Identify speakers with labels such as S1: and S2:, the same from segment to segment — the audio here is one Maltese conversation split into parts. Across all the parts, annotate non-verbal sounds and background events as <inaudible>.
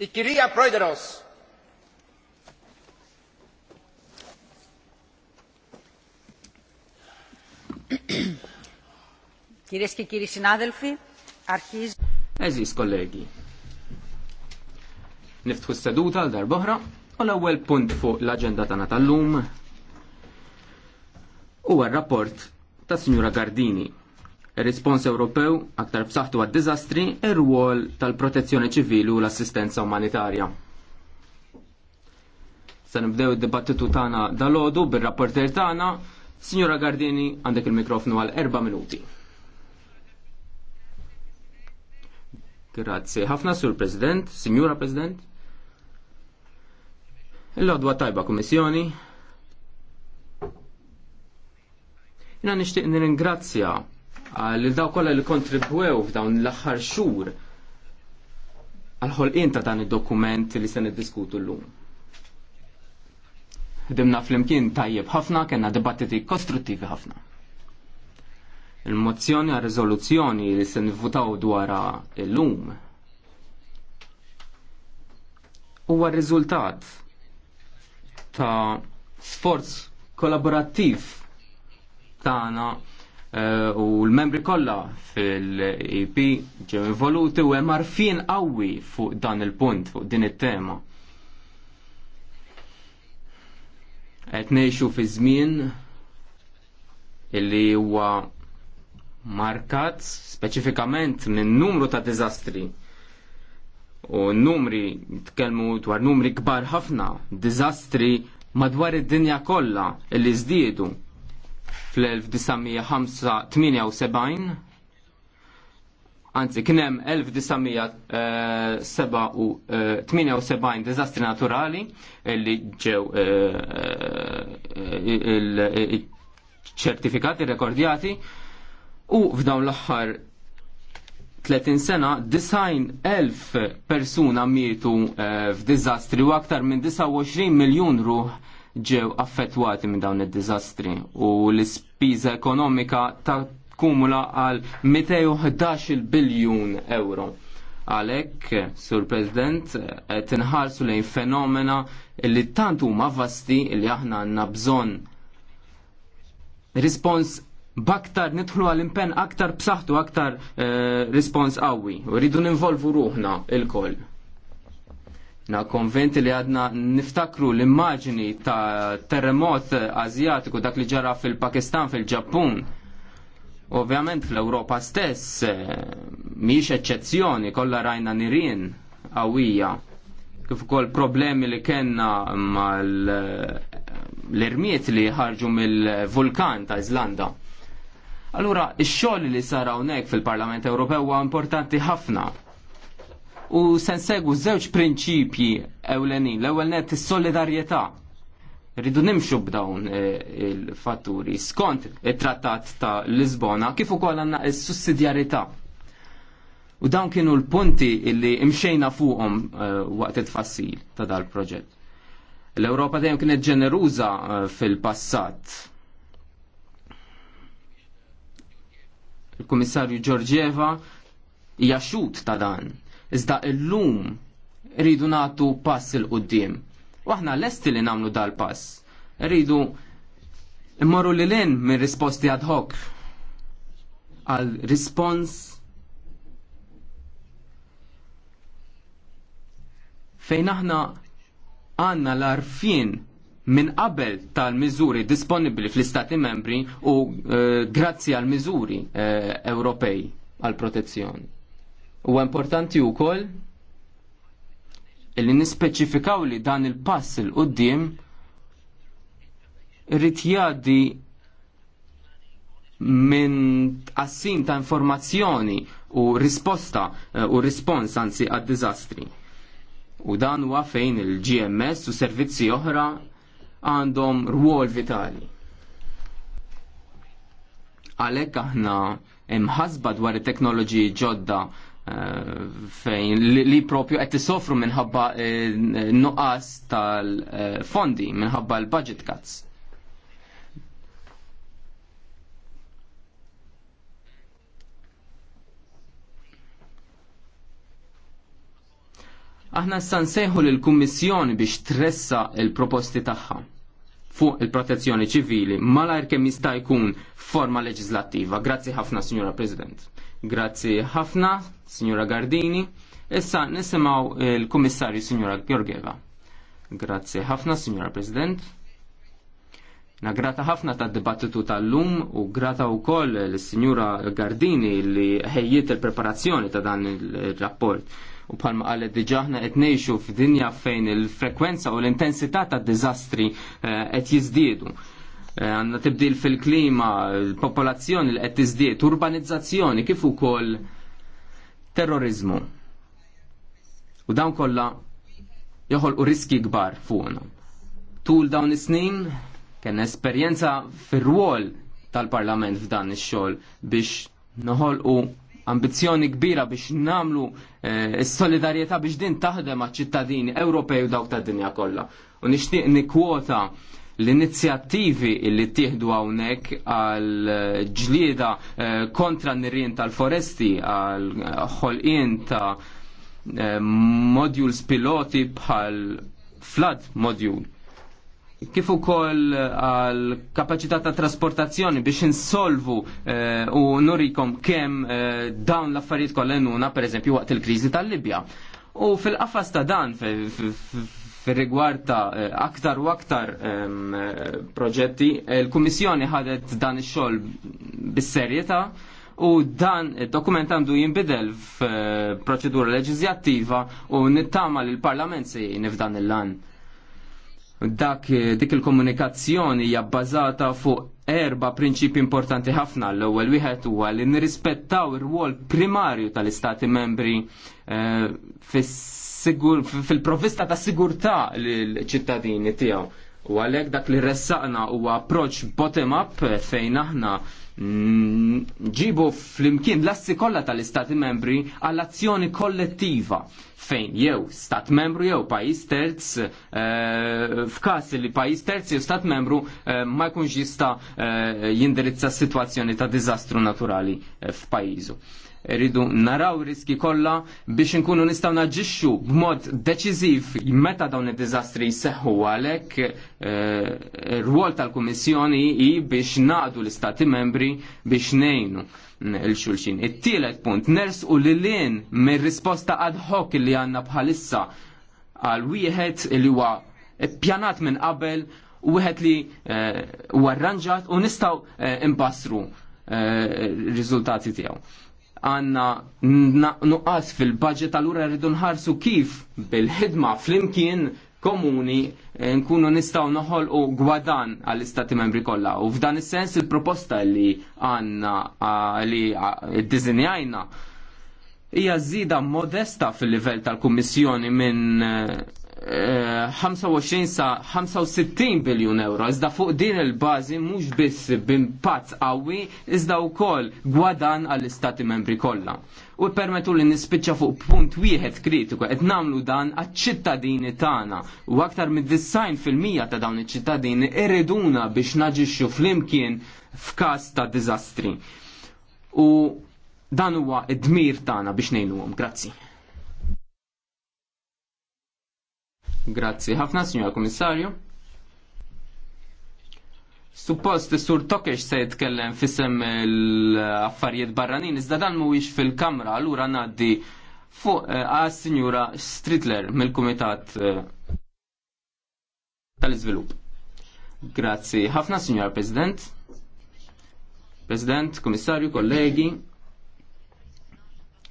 S1: Il-Kirija
S2: Κυρίες και κύριοι συνάδελφοι, αρχίζει...
S1: Eżis kollegi, niftħu s-seduta għal darboħra u l-ewwel punt fuq l-aġenda tagħna tal-lum huwa r-rapport Gardini il rispons Ewropew aktar b'saħħtu għad-diżastri ir-rwol tal-protezzjoni ċivili u l-assistenza umanitarja. Se nibdew id-dibattitu tagħna dalodu bir-rapporter tagħna, Signora Gardini għandek il-mikrofonu għal erba' minuti. Grazzi. Ħafna sur President, Signora President. Il-lodwa tajba Kummissjoni, jina nishtiq nir-ingrazzja għal ah, daw kollha li kontribwew f'dawn l-aħħar xhur għal ħolqien ta' dan id-dokument li se niddiskutu llum. fl-imkien tajjeb ħafna, kena debattiti kostruttivi ħafna. Il-mozzjoni għal riżoluzzjoni li se nivvutaw dwara illum huwa r-riżultat ta' sforz kollaborattiv tagħna Eh, u l-membri kollha fil-EP ġew involuti u hemm arfien qawwi fuq dan il-punt, fuq din it-tema. Qed ngħixu fi żmien illi huwa markat speċifikament minn numru ta' diżastri. U numri, jitkellmu dwar numri kbar ħafna, diżastri madwar id-dinja kollha illi żdiedu fl-1978 anzi kien hemm 1978 diżastri naturali li ġew eh, eh, eh, ċertifikati rekordjati u f'dawn l-aħħar 30 sena design persuna mietu f'dizastri u aktar minn 29 miljun ruħ ġew affettwati minn dawn id-diżastri u l-ispiża ekonomika ta' kumula għal 211 biljun euro. Għalek, Sur President, tinħarsu lejn fenomena li tant huma vasti li aħna għandna bżonn rispons baktar nidħlu għal impenn aktar b'saħħtu aktar eh, rispons qawwi u rridu ninvolvu ruħna il-koll. Na konventi li għadna niftakru l-immaġini ta' terremot azjatiku dak li ġara fil-Pakistan, fil-Ġappun. Ovvjament fl-Europa stess eh, miex eccezzjoni kollha rajna nirien qawwija kif ukoll problemi li kena ma eh, l-irmiet li ħarġu mill-vulkan ta' Islanda. Allura, ix-xogħol li sara hawnhekk fil-Parlament Ewropew huwa importanti ħafna u sensegu żewġ prinċipji ewlenin. L-ewwel net is-solidarjetà. Rridu nimxu b'dawn eh, il-fatturi skont it-Trattat ta' Lisbona kif ukoll għandna s-sussidjarjetà. U dawn kienu l-punti illi imxejna fuqhom eh, waqt it-tfassil ta' dal-proġett. L-Ewropa dejjem kienet ġeneruża eh, fil-passat. il kummissarju Giorgieva jaxut ta' dan Iżda illum rridu nagħtu pass il qudiem U aħna lesti li nagħmlu dal-pass. Rridu immorru li lin minn risposti ad hoc għal rispons fejn aħna għanna l-arfin minn qabel tal-miżuri disponibli fl-Istati membri u uh, grazzi għal miżuri uh, Ewropej għal protezzjoni. U importanti wkoll illi nispeċifikaw li dan il-pass il-qoddim rrit jgħaddi minn assin ta' informazzjoni u risposta eh, u rispons anzi għad diżastri U dan huwa fejn il-GMS u servizzi oħra għandhom rwol vitali. Għalhekk aħna imħasba dwar it-teknoloġiji ġodda fejn li propju qed isofru minħabba eh, nuqqas tal-fondi minħabba l-budget cuts. Aħna san seħu l-Kummissjoni biex tressa il-proposti tagħha fuq il-protezzjoni ċivili malajr kemm jista' jkun forma leġislattiva. Grazzi ħafna, Signora President. Grazzi ħafna, Signora Gardini. Issa nisimaw il-Kummissarju Signora Georgieva. Grazzi ħafna, Signora President. grata ħafna ta' dibattitu tal-lum u grata u koll l-Signora Gardini li ħejjiet il-preparazzjoni ta' dan il-rapport. U bħalma għallet diġaħna qed ngħixu f'dinja fejn il-frekwenza u l-intensità ta' dizastri eh, qed jiżdiedu. Eh, għanna tibdil fil-klima, popolazzjoni li qed tiżdied, urbanizzazzjoni kif ukoll terrorizmu. U dawn kollha joħolqu riski kbar fuqna. Tul dawn is-snin kien esperjenza fir-rwol tal-Parlament f'dan ix-xogħol biex noħolqu ambizzjoni kbira biex namlu eh, s-solidarjetà biex din taħdem għaċ ċittadini Ewropej u dawk tad-dinja kollha. U nixtieq nikkwota L-inizjattivi li tieħdu hawnhekk għal eh, ġlieda eh, kontra n-nirien tal-foresti għal eh, ħolqien ta' modules piloti bħal flood module kif ukoll għal kapaċità ta' trasportazzjoni biex insolvu u nurikom kemm dawn l-affarijiet kollha nuna pereżempju waqt il-kriżi tal-Libja. U fil-qafas ta' dan, fil rigward ta' eh, aktar u aktar eh, proġetti. Il-Kummissjoni eh, ħadet dan ix-xogħol bis-serjetà u dan dokument għandu jinbidel f'proċedura leġislattiva u nittama li l-Parlament se nifdan il-lan. Dak dik il-komunikazzjoni hija bbażata fuq erba' prinċipi importanti ħafna l-ewwel wieħed huwa li nirrispettaw ir-rwol primarju tal-Istati membri fis fil-provista ta' sigurtà l-ċittadini tiegħu. U għalhekk dak li ressaqna huwa approċ bottom up fejn aħna ġibu fl-imkien l-assi kollha tal-istati membri għall-azzjoni kollettiva fejn jew stat membru jew pajis terz eh, f'każ li pajis terz jew stat membru eh, ma jkunx jista' eh, jindirizza s-sitwazzjoni ta' diżastru naturali f'pajjiżu rridu naraw riski kollha biex inkunu nistgħu naġixxu b'mod deċiżiv meta dawn id-diżastri jseħħu għalhekk ir-rwol eh, tal-Kummissjoni hi biex naqdu l-Istati membri biex ngħinu l-xulxin. It-tielet punt nersqu lil-lien mir-risposta ad hoc li għandna bħalissa għal wieħed li huwa pjanat minn qabel u wieħed li eh, huwa arranġat u nistgħu eh, impassru riżultati tiegħu għanna nuqqas fil-budget allura rridu nħarsu kif bil-ħidma fl-imkien komuni eh, nkunu nistaw noħol u gwadan għall-istati membri kollha. U f'dan is-sens il-proposta li għanna li dizinjajna hija żida modesta fil-livell tal-Kummissjoni minn eh, 25 eh, sa 65 biljun euro. Iżda fuq din il-bazi mhux biss b'impatt qawwi, iżda wkoll gwadan għall-istati membri kollha. U permetu li nispiċċa fuq punt wieħed kritiku qed nagħmlu dan għaċ-ċittadini tagħna u aktar mid fil-mija ta' dawn iċ-ċittadini irriduna biex naġixxu flimkien f'każ ta' diżastri. U dan huwa id-dmir tagħna biex ngħinuhom. Grazzi. Grazzi ħafna, Signora Komissarju. Suppost is-sur Tokesh se jitkellem fissem l-affarijiet barranin, iżda dan mhuwiex fil-kamra, allura ngħaddi fuq eh, għas Signora Stritler mill-Kumitat eh, tal-Iżvilupp. Grazzi ħafna, Signora President. President, Komissarju, kollegi.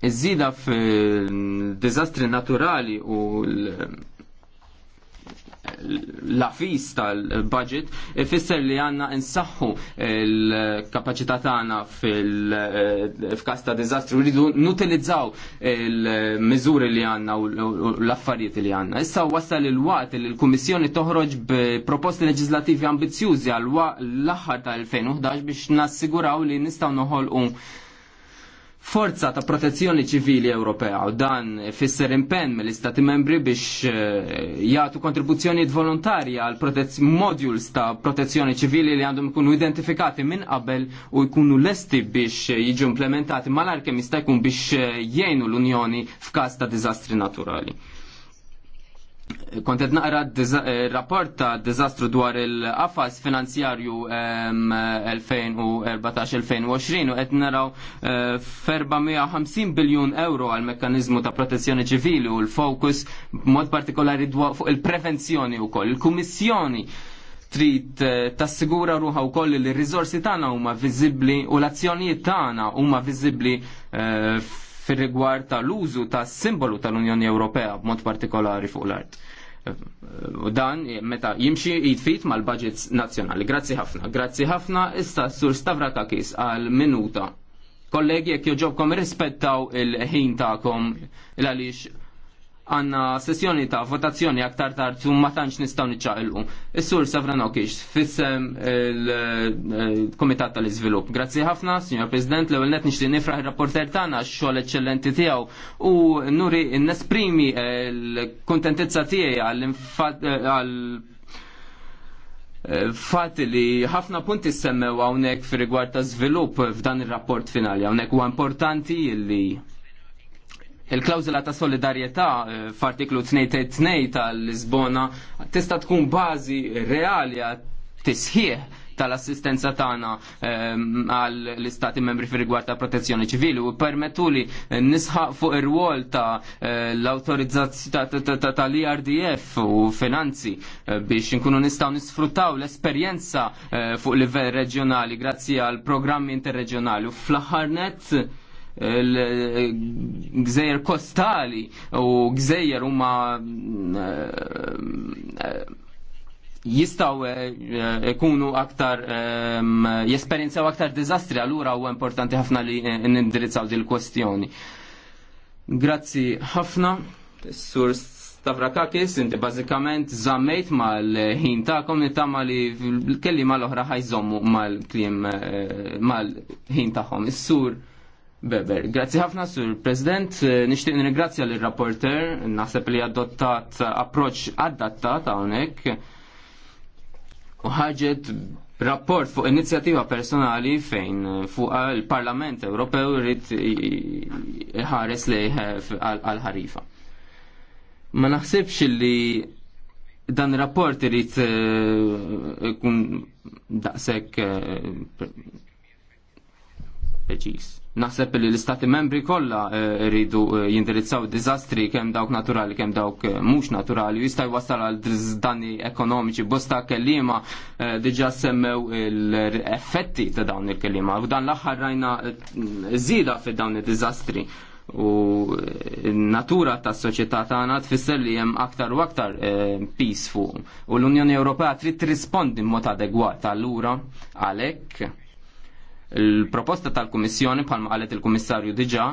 S1: Iż-żida fil-dizastri naturali u l- l-afis tal-budget ifisser li għanna nsaħħu l-kapacità tagħna fil-fkas ta' diżastru rridu nutilizzaw il-miżuri li għanna u l-affarijiet li għanna. Issa wasal il-waqt li l-Kummissjoni toħroġ b'proposti leġislativi ambizjużi għal l-aħħar tal-2011 biex nassiguraw li nistgħu noħolqu forza ta' protezzjoni ċivili Ewropea u dan fisser impenn mill-Istati membri biex eh, jagħtu kontribuzzjoni volontarja għal modules ta' protezzjoni ċivili li għandhom ikunu identifikati minn qabel u jkunu lesti biex eh, jiġu implementati mal-arkem jista' jkun biex eh, jgħinu l-Unjoni f'każ ta' diżastri naturali kontet naqra eh, rapport ta' dizastru dwar il-qafas finanzjarju 2014-2020 u qed naraw 450 eh, biljun euro għal mekkanizmu ta' protezzjoni ċivili u l-fokus mod partikolari fuq il-prevenzjoni u koll. Il-Kummissjoni trid eh, tassigura ruħa wkoll li r-riżorsi tagħna huma viżibbli u l-azzjonijiet tagħna huma viżibbli uh, fir rigward tal-użu tas simbolu tal-Unjoni Ewropea b'mod partikolari fuq l-art. U dan meta jimxi jitfit mal-budgets nazzjonali. Grazzi ħafna. Grazzi ħafna issa sur Stavratakis għal minuta. Kollegi, jekk joġobkom rispettaw il-ħin ta'kom il-għalix għanna sessjoni ta' votazzjoni aktar tard u ma tantx nistgħu niċċaqilqu. Is-sur Savranokix fissem il-Kumitat eh, tal-Iżvilupp. Grazzi ħafna, Signor President, l-ewwel net nixtieq nifraħ ir-rapporter tagħna x-xogħol eċċellenti tiegħu u nuri nesprimi eh, l-kuntentizza tiegħi għall eh, għall-fatti li ħafna punti semmew hawnhekk fi rigward ta' żvilupp f'dan ir-rapport finali hawnhekk huwa importanti li il-klawzula ta' solidarjetà eh, f'artiklu 2 tal-Lisbona tista' tkun bażi reali tisħieħ tal-assistenza tagħna ehm, għal l-istati membri fir rigward ta' protezzjoni ċivili u permettu li nisħaq fuq ir-wol ta' eh, l-autorizzazzjoni tal-IRDF ta ta u finanzi eh, biex inkunu nistgħu nisfruttaw l-esperjenza fuq livell reġjonali grazzi għal programmi interreġjonali u fl-aħħar net l-gżejjer kostali u gżejjer huma eh, jistaw eh, ikunu aktar eh, jesperjenzaw aktar dizastri allura huwa importanti ħafna li nindirizzaw dil il-kwestjoni. Grazzi ħafna, Sur Stavrakakis, inti bażikament żammejt mal-ħin tagħkom nittama li kelli mal-oħra ħajżommu mal klim mal-ħin tagħhom. Is-sur Beber, grazzi ħafna sur President, eh, nishtiq nirgrazzja l rapporter naħseb li adottat approċ adattat hawnhekk u ħagġet rapport fuq inizjattiva personali fejn fuq il-Parlament Ewropew rrit ħares li għal-ħarifa. Ma naħsibx li dan rapport rrit eh, kun daqsek eh, preċis. Naħseb li l-istati membri kollha eh, rridu eh, jindirizzaw diżastri kemm dawk naturali kemm dawk eh, mhux naturali jista' jwassal għal danni ekonomiċi bosta kelliema diġa' semmew l-effetti ta' dawn il-kelliema. U dan l-aħħar rajna żieda fi dawn id-diżastri u natura ta' soċjetà tagħna tfisser li hemm aktar u aktar peaceful u l-Unjoni Ewropea trid tirrispondi mod adegwat allura għalhekk Il-proposta tal-Kummissjoni bħalma qalet il-Kummissarju diġà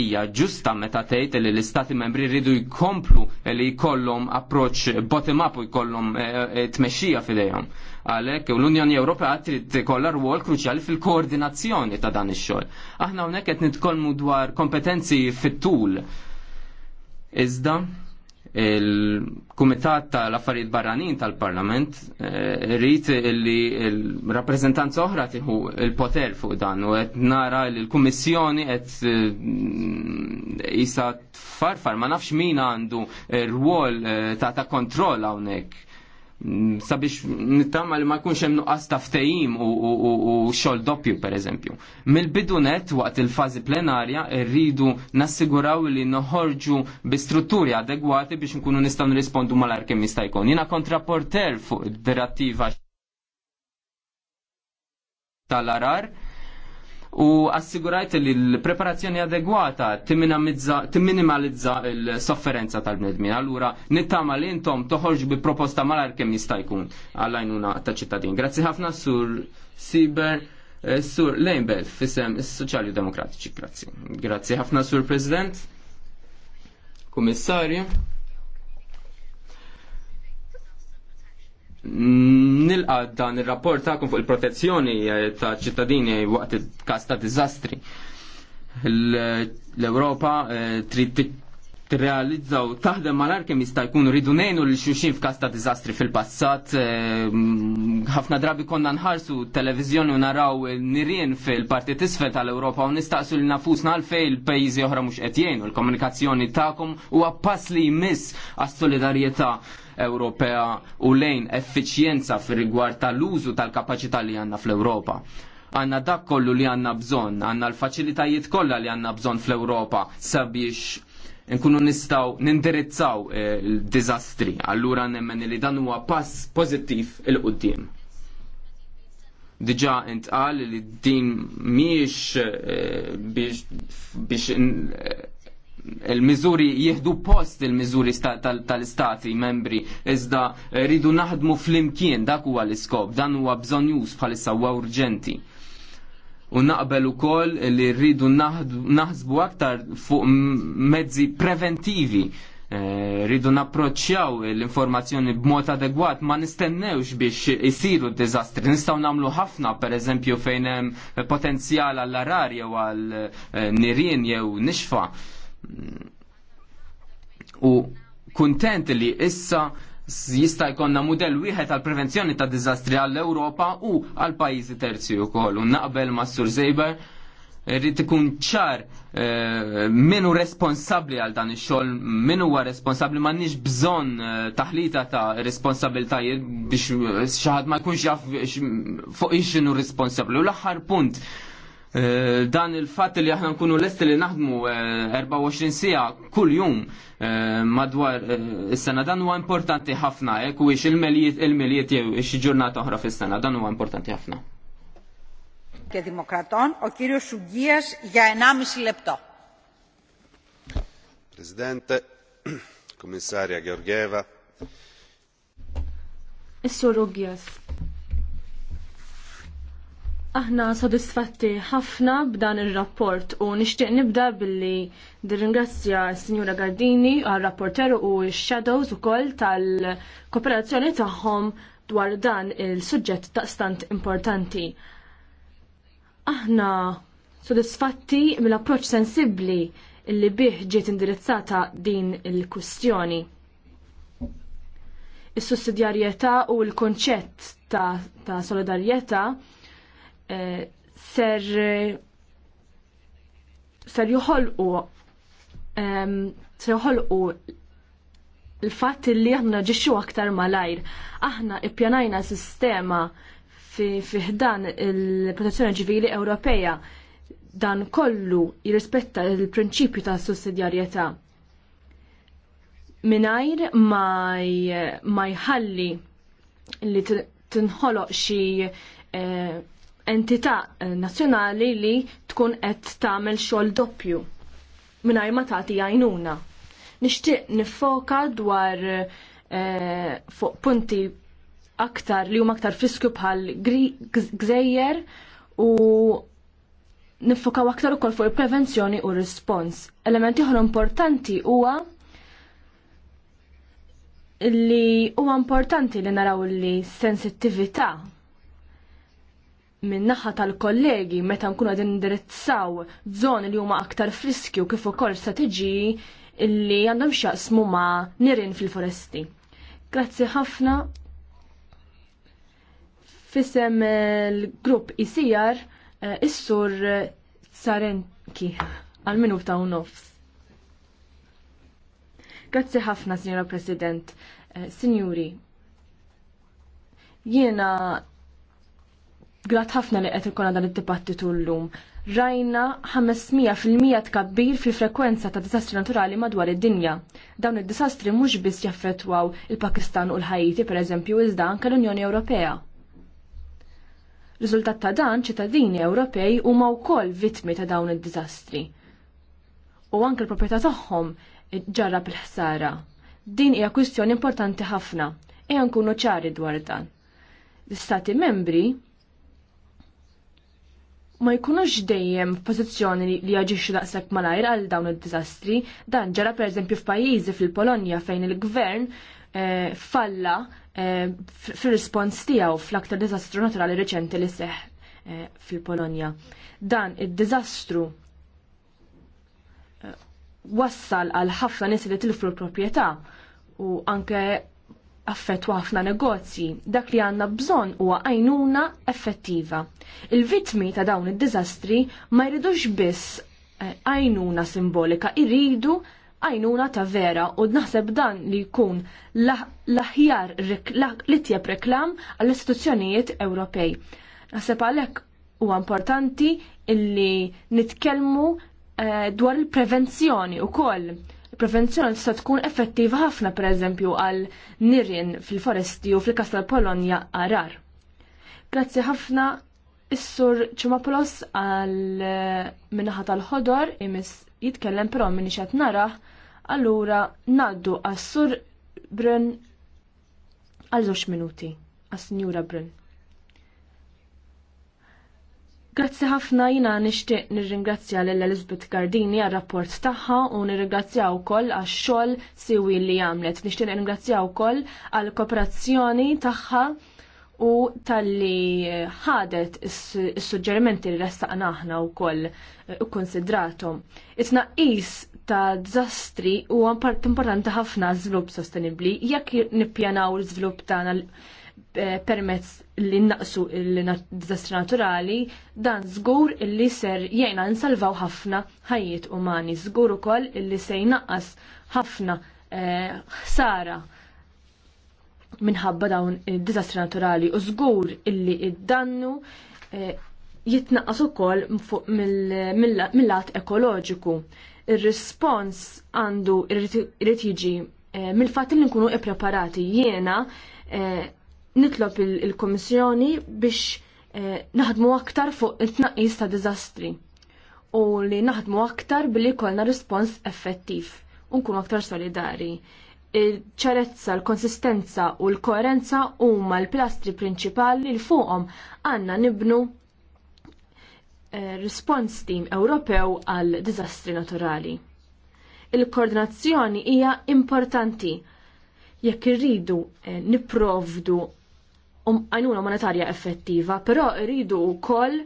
S1: hija ġusta meta tgħid li l-Istati membri jridu jkomplu li jkollhom approċċ bottom up u jkollhom eh, eh, tmexxija f'idejhom. Għalhekk l-Unjoni Ewropea trid ikollha rwol kruċjali fil-koordinazzjoni ta' dan ix-xogħol. Aħna hawnhekk qed nitkollmu dwar kompetenzi fit-tul. Iżda, il-Kumitat tal-Affarijiet Barranin tal-Parlament eh, rrit li il-rappresentanza oħra tieħu il-poter fuq dan u qed nara li l-Kummissjoni qed eh, isa tfarfar ma nafx min għandu rwol eh, ta' ta' kontroll hawnhekk. Mm, sabiex nittama li ma jkunx hemm nuqqas ta' ftehim u xogħol doppju pereżempju. Mill-bidu net waqt il-fażi plenarja rridu nassiguraw li noħorġu bi strutturi adegwati biex nkunu nistgħu nirrispondu mal arkem jista' jkun. Jiena kontraporter fuq id-dirattiva tal-arar u assigurajt li l-preparazzjoni adegwata timminimalizza l-sofferenza tal-bnedmin. Allura, nittama li intom toħorġ bi proposta malar kemm jista' jkun għallajnuna ta' ċittadin. Grazzi ħafna sur Siber, eh, sur Lejnbel, fissem Soċjali Demokratiċi. Grazzi. Grazzi ħafna sur President, Komissarju. nilqa dan il-rapport ta'kom fuq il-protezzjoni eh, ta' ċittadini waqt il-kas ta' dizastri. L-Europa eh, trid realizza u taħdem malar kemm jista' jkun ridu ngħinu l-xuxin f'każ ta' diżastri fil-passat. Eh, ħafna drabi konna nħarsu televiżjoni u naraw nirien fil-parti tisfel tal-Ewropa u nistaqsu lil nafusna għalfejn il pejzi oħra mhux qed jgħinu. Il-komunikazzjoni tagħkom huwa pass li jmiss għas-solidarjetà Ewropea u lejn effiċjenza fir-rigward tal-użu tal-kapaċità li għandna fl-Ewropa għanna dak kollu li għanna bżon, għanna l-facilitajiet kollha li għanna bżon fl ewropa sabiex nkunu nistaw nindirizzaw eh, il-dizastri. Allura nemmen li dan huwa pass pozittiv il-qoddim. Diġa intqal li din miex eh, biex il-miżuri jieħdu post il-miżuri tal-istati membri iżda rridu naħdmu fl-imkien dak huwa l-iskop dan huwa bżonjus bħalissa huwa urġenti. U naqbel ukoll li rridu naħsbu aktar fuq mezzi preventivi eh, rridu napproċċjaw l-informazzjoni b'mod adegwat ma nistennewx biex isiru d-dizastri. Nistgħu nagħmlu ħafna pereżempju fejn hemm potenzjal għall-arar jew għall eh, nirien jew nixfa. U kuntent li issa jista jkonna model wieħed għal prevenzjoni ta' dizastri għall europa u għal pajjiżi terzi wkoll. U naqbel ma' Sur Zejber rrid ikun ċar eh, minu responsabbli għal dan ix-xogħol, min huwa responsabbli m'għandniex bżonn eh, taħlita ta' responsabiltajiet biex eh, xi ħadd ma jkunx jaf eh, fuq ix-xinu responsabbli. U l-aħħar punt Eh, dan il-fat li aħna nkunu lest li naħdmu 24 eh, sija kull jum eh, madwar is-sena dan huwa importanti ħafna jekk wiex il-melijiet il jew xi ġurnata oħra fis-sena dan huwa importanti ħafna.
S2: Και Δημοκρατών, ο κύριος Σουγγίας για 1,5
S3: λεπτό.
S1: Presidente, <clears throat> Commissaria Georgieva.
S3: Is-Sur Aħna sodisfatti ħafna b'dan ir-rapport u nixtieq nibda billi nirringrazzja s-Sinjura Gardini għal rapporteru u x-Shadows ukoll tal-kooperazzjoni tagħhom dwar dan il-suġġett taqstant importanti. Aħna sodisfatti mill-approċċ sensibbli li bih ġiet indirizzata din il-kwistjoni. Is-sussidjarjetà u l-konċett ta', ta solidarjetà ser ser joħolqu ser joħolqu il-fatt li aħna ġiċu aktar malajr. Aħna ippjanajna sistema fi ħdan il-protezzjoni ċivili Ewropeja dan kollu jirrispetta il-prinċipju ta' sussidjarjetà minajr ma jħalli li tinħoloq xi eh, entità eh, nazzjonali li tkun qed tagħmel xogħol doppju mingħajr ma tagħti għajnuna. Nixtieq nifoka dwar eh, fuq punti aktar li huma aktar fisku bħal gżejjer u nifokaw aktar ukoll fuq il-prevenzjoni u r-rispons. Elementi oħra importanti huwa li huwa importanti li naraw li sensittività minn naħa tal-kollegi meta nkunu għadin indirizzaw żon li huma aktar friskju kif ukoll strateġiji li għandhom xaqsmu ma' nirin fil-foresti. Grazzi ħafna. Fisem eh, l-grupp Isir eh, is-sur eh, Sarenki għal minut ta' nofs. Grazzi ħafna, Sinjora President. Sinjuri, jiena Grat ħafna li qed ikolla dan id-dibattitu llum. Rajna 500% tkabbir fil-frekwenza ta' disastri naturali madwar id-dinja. Dawn id-disastri mhux biss jaffettwaw il-Pakistan u l-Ħajti pereżempju iżda anke l-Unjoni Ewropea. Riżultat ta' dan ċittadini Ewropej huma wkoll vittmi ta' dawn id-diżastri. U anke l-proprjetà tagħhom ġarrab il-ħsara. Din hija kwistjoni importanti ħafna. Ejja nkunu ċari dwar dan. L-Istati membri ma jkunux dejjem f'pożizzjoni li jaġixxu daqshekk malajr għal dawn id-diżastri. Dan ġara pereżempju f'pajjiżi fil-Polonja fejn il-gvern eh, falla eh, fir-rispons tiegħu fl-aktar diżastru naturali reċenti li seħ eh, fil-Polonja. Dan id-diżastru wassal għal ħafna nies li tilfru l-proprjetà u anke affettwa ħafna negozji. Dak li għanna bżon huwa għajnuna effettiva. Il-vitmi ta' dawn id-diżastri ma jridux biss eh, għajnuna simbolika, irridu għajnuna ta' vera u naħseb dan li jkun l-aħjar li tjeb reklam għall-istituzzjonijiet Ewropej. Naħseb għalhekk huwa importanti illi nitkellmu eh, dwar il-prevenzjoni u koll Il-prevenzjoni tista' tkun effettiva ħafna pereżempju għal nirien fil-foresti u fil-kas tal-Polonja arar. Grazzi ħafna Is-sur Ċumapolos għal eh, minnaħa tal-ħodor imis jitkellem però minni xat nara allura naddu għas-sur Brun għal żewġ minuti għas-Sinjura Brun. Grazzi ħafna jina nishtiq nirringrazzja l Elizabeth Gardini għal rapport tagħha u nirringrazzja wkoll għax xogħol siwi li għamlet. Nixtieq nirringrazzja wkoll għal kooperazzjoni tagħha u tal-li ħadet is-suġġerimenti li restaqna aħna wkoll ikkonsidratom. Eh, It-tnaqqis ta' dżastri huwa part importanti ħafna żvilupp sostenibbli jekk nippjanaw l-żvilupp tagħna Eh, permezz li naqsu il-dizastri naturali, dan żgur illi ser jgħina nsalvaw ħafna ħajjiet umani, żgur ukoll illi se jnaqqas ħafna eh, ħsara minħabba dawn il-dizastri naturali u żgur illi id-dannu eh, jitnaqqas ukoll mill-lat ekoloġiku. Ir-respons għandu irid jiġi mill fat li nkunu ippreparati jiena nitlob il-Komissjoni biex eh, naħdmu aktar fuq it-tnaqqis ta' diżastri u li naħdmu aktar billi kollna rispons effettiv u nkunu aktar solidari. Il-ċarezza, l-konsistenza u l-koerenza huma l plastri prinċipali li fuqhom għandna nibnu eh, rispons team Ewropew għal diżastri naturali. Il-koordinazzjoni hija importanti jekk irridu eh, niprovdu għajnuna monetarja effettiva, però rridu wkoll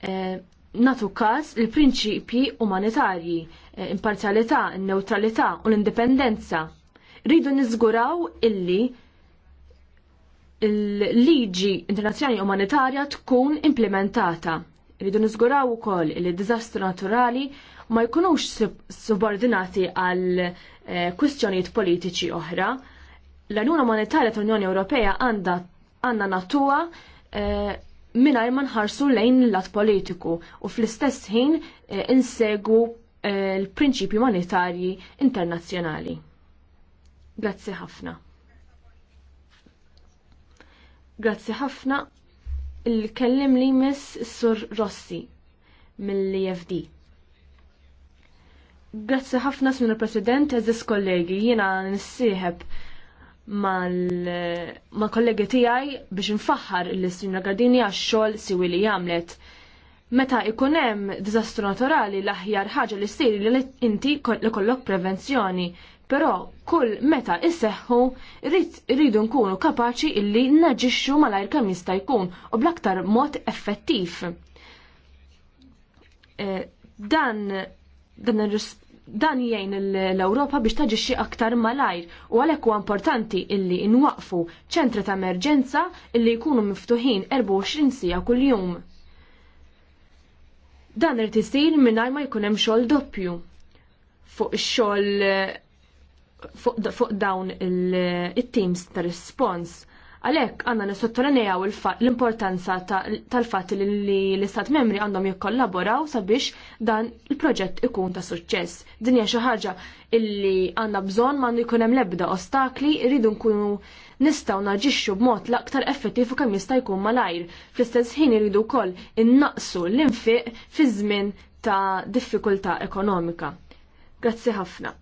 S3: eh, natu każ il-prinċipji umanitarji, eh, imparzialità, imparzjalità, neutralità u l-indipendenza. Rridu niżguraw illi il-liġi internazzjonali umanitarja tkun implementata. Rridu niżguraw ukoll li d-diżastru naturali ma jkunux subordinati għal eh, kwistjonijiet politiċi oħra. L-Unjoni Monetarja tal-Unjoni Ewropea għandha għanna natuha eh, mingħajr ma nħarsu lejn l-lat politiku u fl-istess ħin eh, insegu eh, l prinċipi monetarji internazzjonali. Grazzi ħafna. Grazzi ħafna il-kellim li miss Sur Rossi mill-EFD. Grazzi ħafna, Sr. President, eżis kollegi, jena nissieħeb mal kollegi tiegħi biex nfaħħar l-Istrina Gardini għax-xogħol siwi li għamlet. Meta ikun hemm diżastru naturali l-aħjar ħaġa li ssir li inti li kollok prevenzjoni, però kull meta isseħħu rridu nkunu kapaċi illi naġiċu malajr kemm jista' jkun u bl-aktar mod effettiv. Eh, dan dan dan jgħin l-Ewropa biex xie aktar malajr u għalhekk huwa importanti illi inwaqfu ċentri ta' emerġenza illi jkunu miftuħin 24 sija kuljum. Dan irid isir mingħajr ma jkun hemm xogħol doppju fuq xol fuq dawn it-teams ta' respons Għalhekk għandna nisottolinjaw l-importanza tal fat li l-Istat membri għandhom jikkollaboraw sabiex dan il-proġett ikun ta' suċċess. Din hija xi ħaġa illi għandna bżonn m'għandu jkun hemm l-ebda ostakli, rridu nkunu nistaw naġixxu b'mod l-aktar effettiv u kemm jista' jkun malajr. Fl-istess ħin iridu wkoll innaqsu l-infiq fi żmien ta' diffikultà ekonomika. Grazzi ħafna.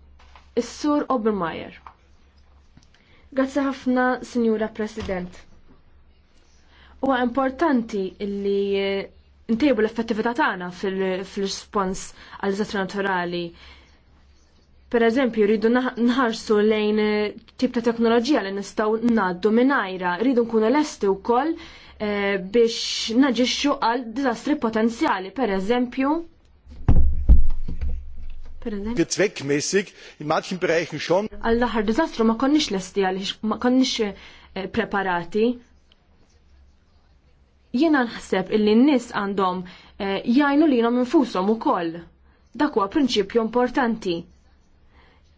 S3: Is-Sur Obermeyer. Grazzi ħafna, Signora President. Huwa importanti li eh, ntejbu l-effettività tagħna fil-rispons għal diżastri naturali. Per eżempju, rridu nħarsu lejn eh, tip ta' teknoloġija li nistgħu ngħaddu mingħajra, rridu nkunu lesti wkoll eh, biex naġixxu għal diżastri potenzjali, per eżempju, Kien
S2: zweckmäßig in manchen Bereichen schon.
S3: aħħar diżastru ma konniex lesti għaliex ma konniex eh, preparati. Jiena nħseb illi n-nies għandhom eh, jgħinu lilhom infushom ukoll. Dak huwa prinċipju importanti.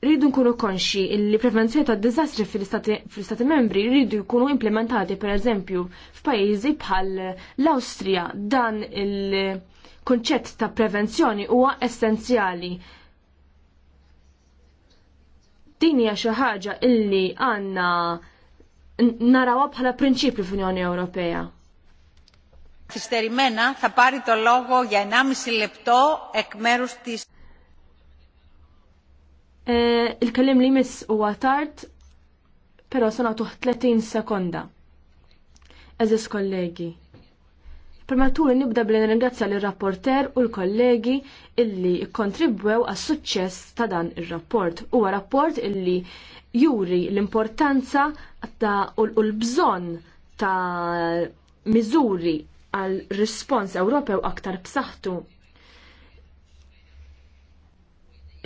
S3: Rridu nkunu konxi illi prevenzjoni ta' diżastri fil-Stati membri rridu jkunu implementati per eżempju f'pajjiżi bħal l-Awstrija dan il- konċett ta' prevenzjoni huwa essenzjali Din hija xi ħaġa illi għandna narawha bħala prinċipju fl-Unjoni Ewropea.
S2: Fisterimena, θα πάρει το λόγο για 1,5 λεπτό εκ μέρους της...
S3: Il-kellim li mis u għatart, pero sona tuħ 30 sekonda. Eżis kollegi. Permettu nibda bli nirringrazzja l-rapporter u l-kollegi illi kontribwew għas suċċess ta' dan ir-rapport. Huwa rapport illi juri l-importanza ta' u l-bżonn ta' miżuri għal rispons Ewropew aktar b'saħħtu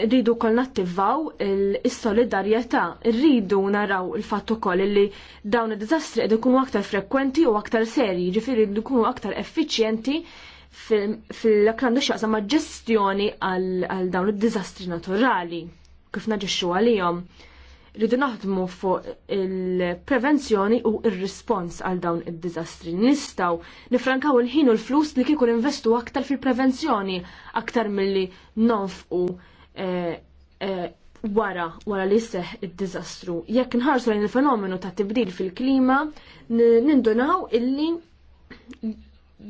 S3: rridu kol nattivaw il-solidarieta, rridu naraw il-fattu kol li dawn il-dizastri għed ikunu aktar frekwenti u aktar seri, ġifiri għed ikunu aktar effiċjenti fil-għandu xaqsa ma' ġestjoni għal dawn il-dizastri naturali, kif naġiċu għalijom. Rridu naħdmu fuq il-prevenzjoni u il-respons għal dawn il-dizastri. Nistaw nifrankaw il-ħin u l-flus li kiku investu aktar fil-prevenzjoni, aktar mill-li nonfqu Eh, eh, wara wara li seħ id-diżastru. Jekk nħarsu għajn il-fenomenu ta' tibdil fil-klima, nindunaw illi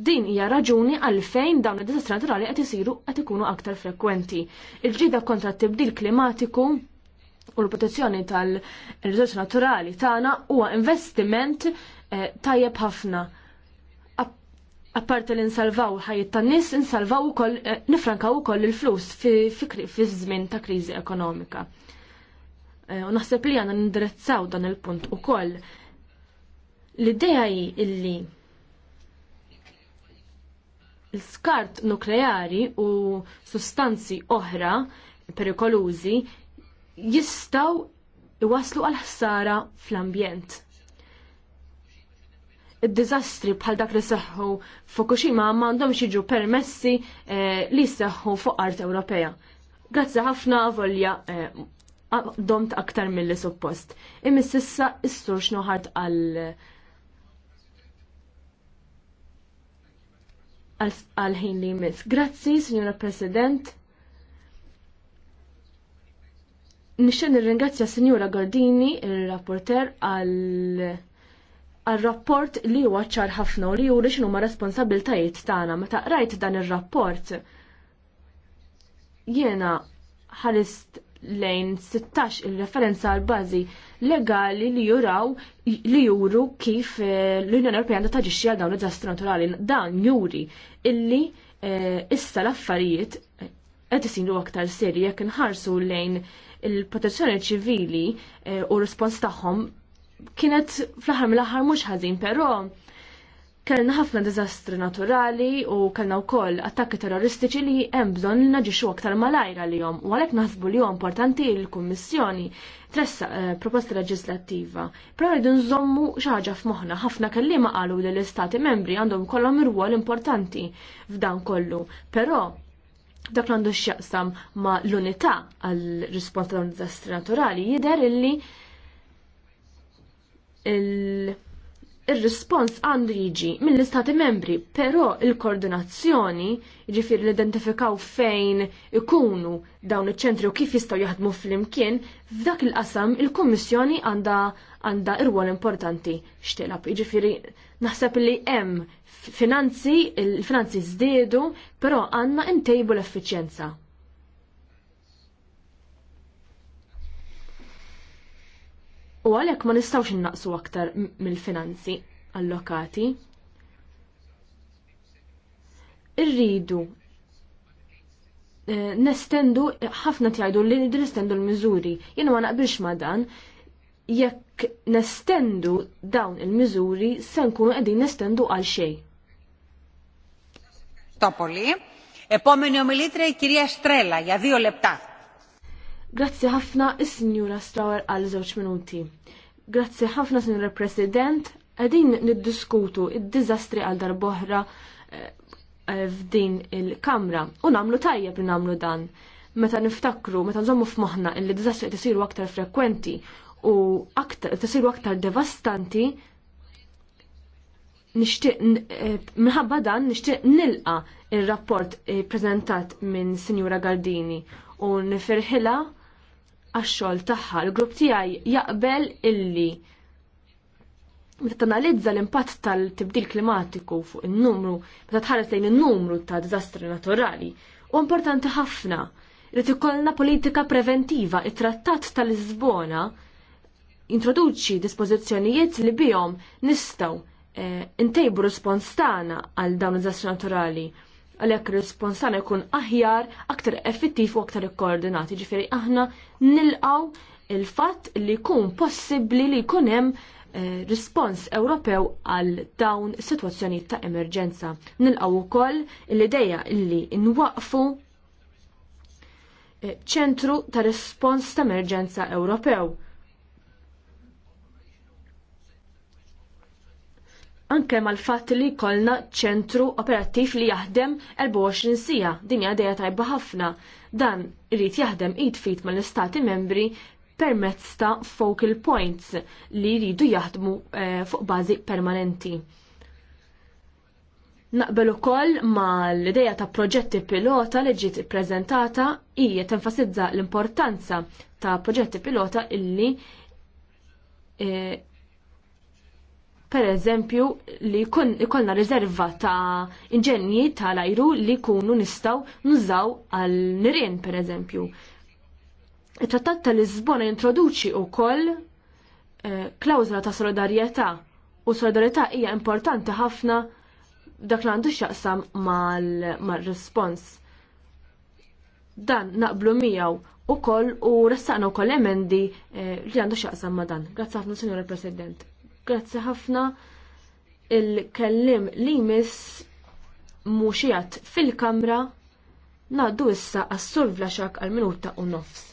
S3: din hija raġuni għalfejn dawn id-diżastri naturali qed isiru qed ikunu aktar frekwenti. Il-ġida kontra t-tibdil klimatiku u l-protezzjoni tal-riżorsi naturali tagħna huwa investiment eh, tajjeb ħafna apparti li nsalvaw ħajt tan nies insalvaw ukoll eh, nifrankaw ukoll il-flus fi żmien ta' kriżi ekonomika. Eh, u naħseb li għandna nindirizzaw dan il-punt ukoll. L-idea hi illi l-skart nukleari u sustanzi oħra perikolużi jistaw iwaslu għal ħsara fl-ambjent id-dizastri bħal dak li seħħu Fukushima għandhom jiġu permessi eh, li seħħu fuq art Ewropea. Grazzi ħafna volja eh, domt aktar mill-li suppost. Imma sissa istur noħart għal għal-ħin li jmiss. Grazzi, Signora President. Nixxen nirringrazzja Signora Gordini, il-rapporter, għal għal rapport li huwa ċar ħafna u li juri x'numa responsabiltajiet tagħna meta qrajt dan ir-rapport. Jiena ħarist lejn 16 il-referenza għal bażi legali li juraw li juru kif eh, l-Unjoni Ewropea għandha taġixxi għal dawn id-dizastri naturali. Dan juri illi eh, issa l-affarijiet qed isiru aktar serji jekk inħarsu lejn il-protezzjoni ċivili eh, u respons tagħhom kienet fl-aħħar mill-aħħar mhux ħażin, però kellna ħafna diżastri naturali u kellna wkoll attakki terroristiċi li hemm bżonn li aktar malajra li jom u għalhekk naħsbu li huwa importanti l kummissjoni tressa eh, proposta leġislattiva. Però rridu nżommu xi ħaġa f'moħħna ħafna kelliema qalu li l-istati membri għandhom kollom irwol importanti f'dan kollu. Però dak għandu x'jaqsam ma l-unità għal risposta dawn diżastri naturali jidher illi il-respons għandu jiġi mill-istati membri, però il-koordinazzjoni, ġifir l-identifikaw fejn ikunu dawn iċ-ċentri u kif jistgħu jaħdmu fl-imkien, f'dak il-qasam il-Kummissjoni għandha għandha irwol importanti xtilab. Ġifiri, naħseb li hemm finanzi, il-finanzi zdedu, però għandna intejbu l-effiċjenza. U għalhekk ma nistgħux innaqsu aktar mill-finanzi allokati. Irridu eh, nestendu ħafna tjajdu li nestendu l-miżuri. Jena ma naqbilx ma dan jekk nestendu dawn il-miżuri se nkunu qegħdin nestendu għal xejn.
S2: Topoli. Επόμενη ομιλήτρια kirja κυρία Στρέλα για δύο
S3: Grazzi ħafna is-Sinjura Strawer għal żewġ minuti. Grazzi ħafna Sinjura President, għedin niddiskutu id-dizastri għal darboħra eh, eh, f'din il-kamra u namlu tajjeb li namlu dan. Meta niftakru, meta nżommu f'moħna li dizastri qed isiru aktar frekwenti u aktar aktar devastanti, nixtieq eh, minħabba dan nixtieq nilqa il-rapport prezentat minn Sinjura Gardini u nifirħila għax-xogħol tagħha. l grupp tiegħi jaqbel illi meta tanalizza l-impatt tal-tibdil klimatiku fuq in-numru, meta tħares lejn in-numru ta' diżastri naturali, u importanti ħafna li tikkollna politika preventiva. It-Trattat tal-Lisbona introduċi dispożizzjonijiet li bihom nistgħu ntejbu eh, intejbu respons tagħna għal dawn iż-diżastri naturali għalhekk responsana jkun aħjar, aktar effettiv u aktar ikkoordinati. Ġifieri aħna nilqaw il-fatt li jkun possibbli li jkun hemm eh, rispons Ewropew għal dawn situazzjoni ta' emerġenza. Nilqaw ukoll l-ideja li nwaqfu eh, ċentru ta' rispons ta' emerġenza Ewropew anke mal-fatt li kolna ċentru operattiv li jaħdem 24 sija. Din għadeja tajba ħafna. Dan irrit jaħdem id fit mal-istati membri permezz ta' focal points li jridu jaħdmu eh, fuq bażi permanenti. Naqbel ukoll ma l-ideja ta' proġetti pilota li ġiet ippreżentata hija tenfasizza l-importanza ta' proġetti pilota illi eh, per eżempju li ikollna riserva ta' inġenji tal-ajru li kunu nistaw nużaw għal nirien per eżempju. Il-trattat tal-Lisbona introduċi u koll eh, ta' solidarieta u solidarieta hija importanti ħafna dak li għandu xaqsam mal-respons. dan naqblu miegħu u koll u ressaqna u koll emendi eh, li għandu xaqsam ma' dan. Grazzi ħafna, Signor President. Grazzi ħafna il-kellim li jmiss muxijat fil-kamra naddu issa għassur vlaxak għal-minuta u nofs.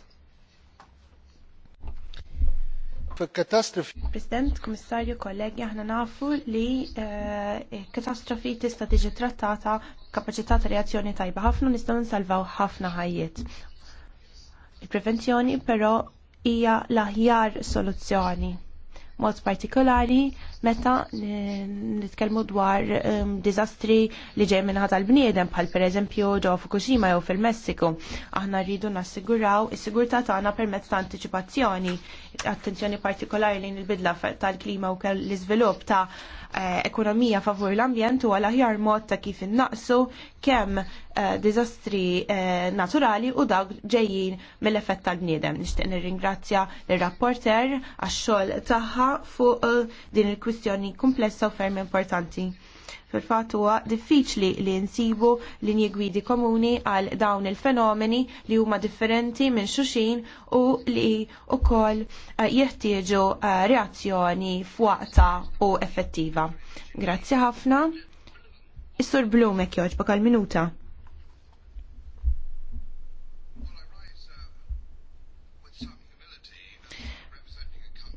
S2: President, Komissarju, kollegi, aħna nafu li eh, katastrofi tista' tiġi trattata kapaċità ta' reazzjoni tajba ħafna nistgħu nsalvaw ħafna ħajjiet. Il-prevenzjoni però hija l-aħjar soluzzjoni mod partikolari meta nitkellmu dwar um, dizastri li ġej minn ħadd bniedem bħal pereżempju ġo Fukushima jew fil-Messiku. Aħna rridu nassiguraw is-sigurtà tagħna permezz ta' anticipazzjoni, attenzjoni partikolari lejn il-bidla tal-klima u l-iżvilupp ta' Eh, ekonomija favur l-ambjent u għal aħjar mod ta' kif innaqsu kemm eh, dizastri eh, naturali u dawk ġejjin mill-effett tal-bniedem. Nixtieq nirringrazzja l-rapporter għax-xogħol tagħha fuq din il-kwistjoni komplessa u ferm importanti. Fil-fatt huwa diffiċli li nsibu linji gwidi komuni għal dawn il-fenomeni li huma differenti minn xuxin u li wkoll eh, jeħtieġu eh, reazzjoni f'waqta u effettiva. Grazzi ħafna. Is-Sur Blume joġbok għal-minuta.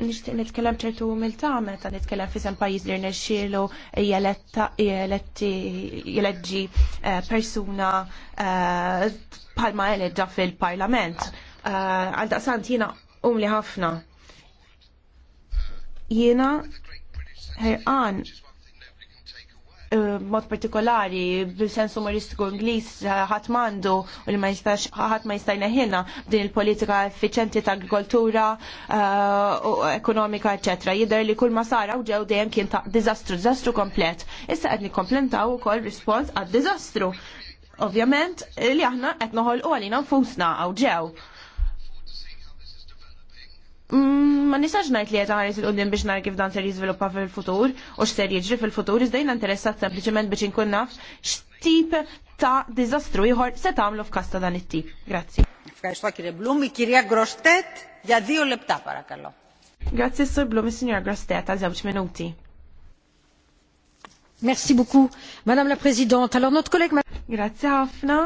S2: nixtieq nitkellem ċertu umiltà meta nitkellem fisem pajjiż li rnexxielu jeleġġi eh, persuna eh, bħalma eleġġa fil-Parlament. Eh, Għaldaqsant jiena umli ħafna. Jiena ħerqan mod partikolari bil-sens umoristiku Ingliż ħadd m'għandu u li ma jistax ħadd ma jistajna ħina din il-politika effiċenti ta' agrikoltura eh, u ekonomika eċetera. Jidher li kull ma sara u ġew dejjem kien ta' diżastru, diżastru komplet. Issa qed nikkomplentaw ukoll rispons għad-diżastru. Ovvjament li aħna qed noħolqu għalina nfusna għaw ġew Mm, ma nistax ngħid li qed ħares il-qudiem biex nar kif dan ser jiżviluppa fil-futur u x'ser jiġri fil-futur iżda interessat sempliċement biex inkun naf x'tip ta' diżastru ieħor se tagħmlu f'każ dan it-tip. Grazzi. Grazie Sir Blum, signora Grostet, għal żewġ minuti. Merci beaucoup, Madame la Présidente. Alors notre collègue... Grazie ħafna.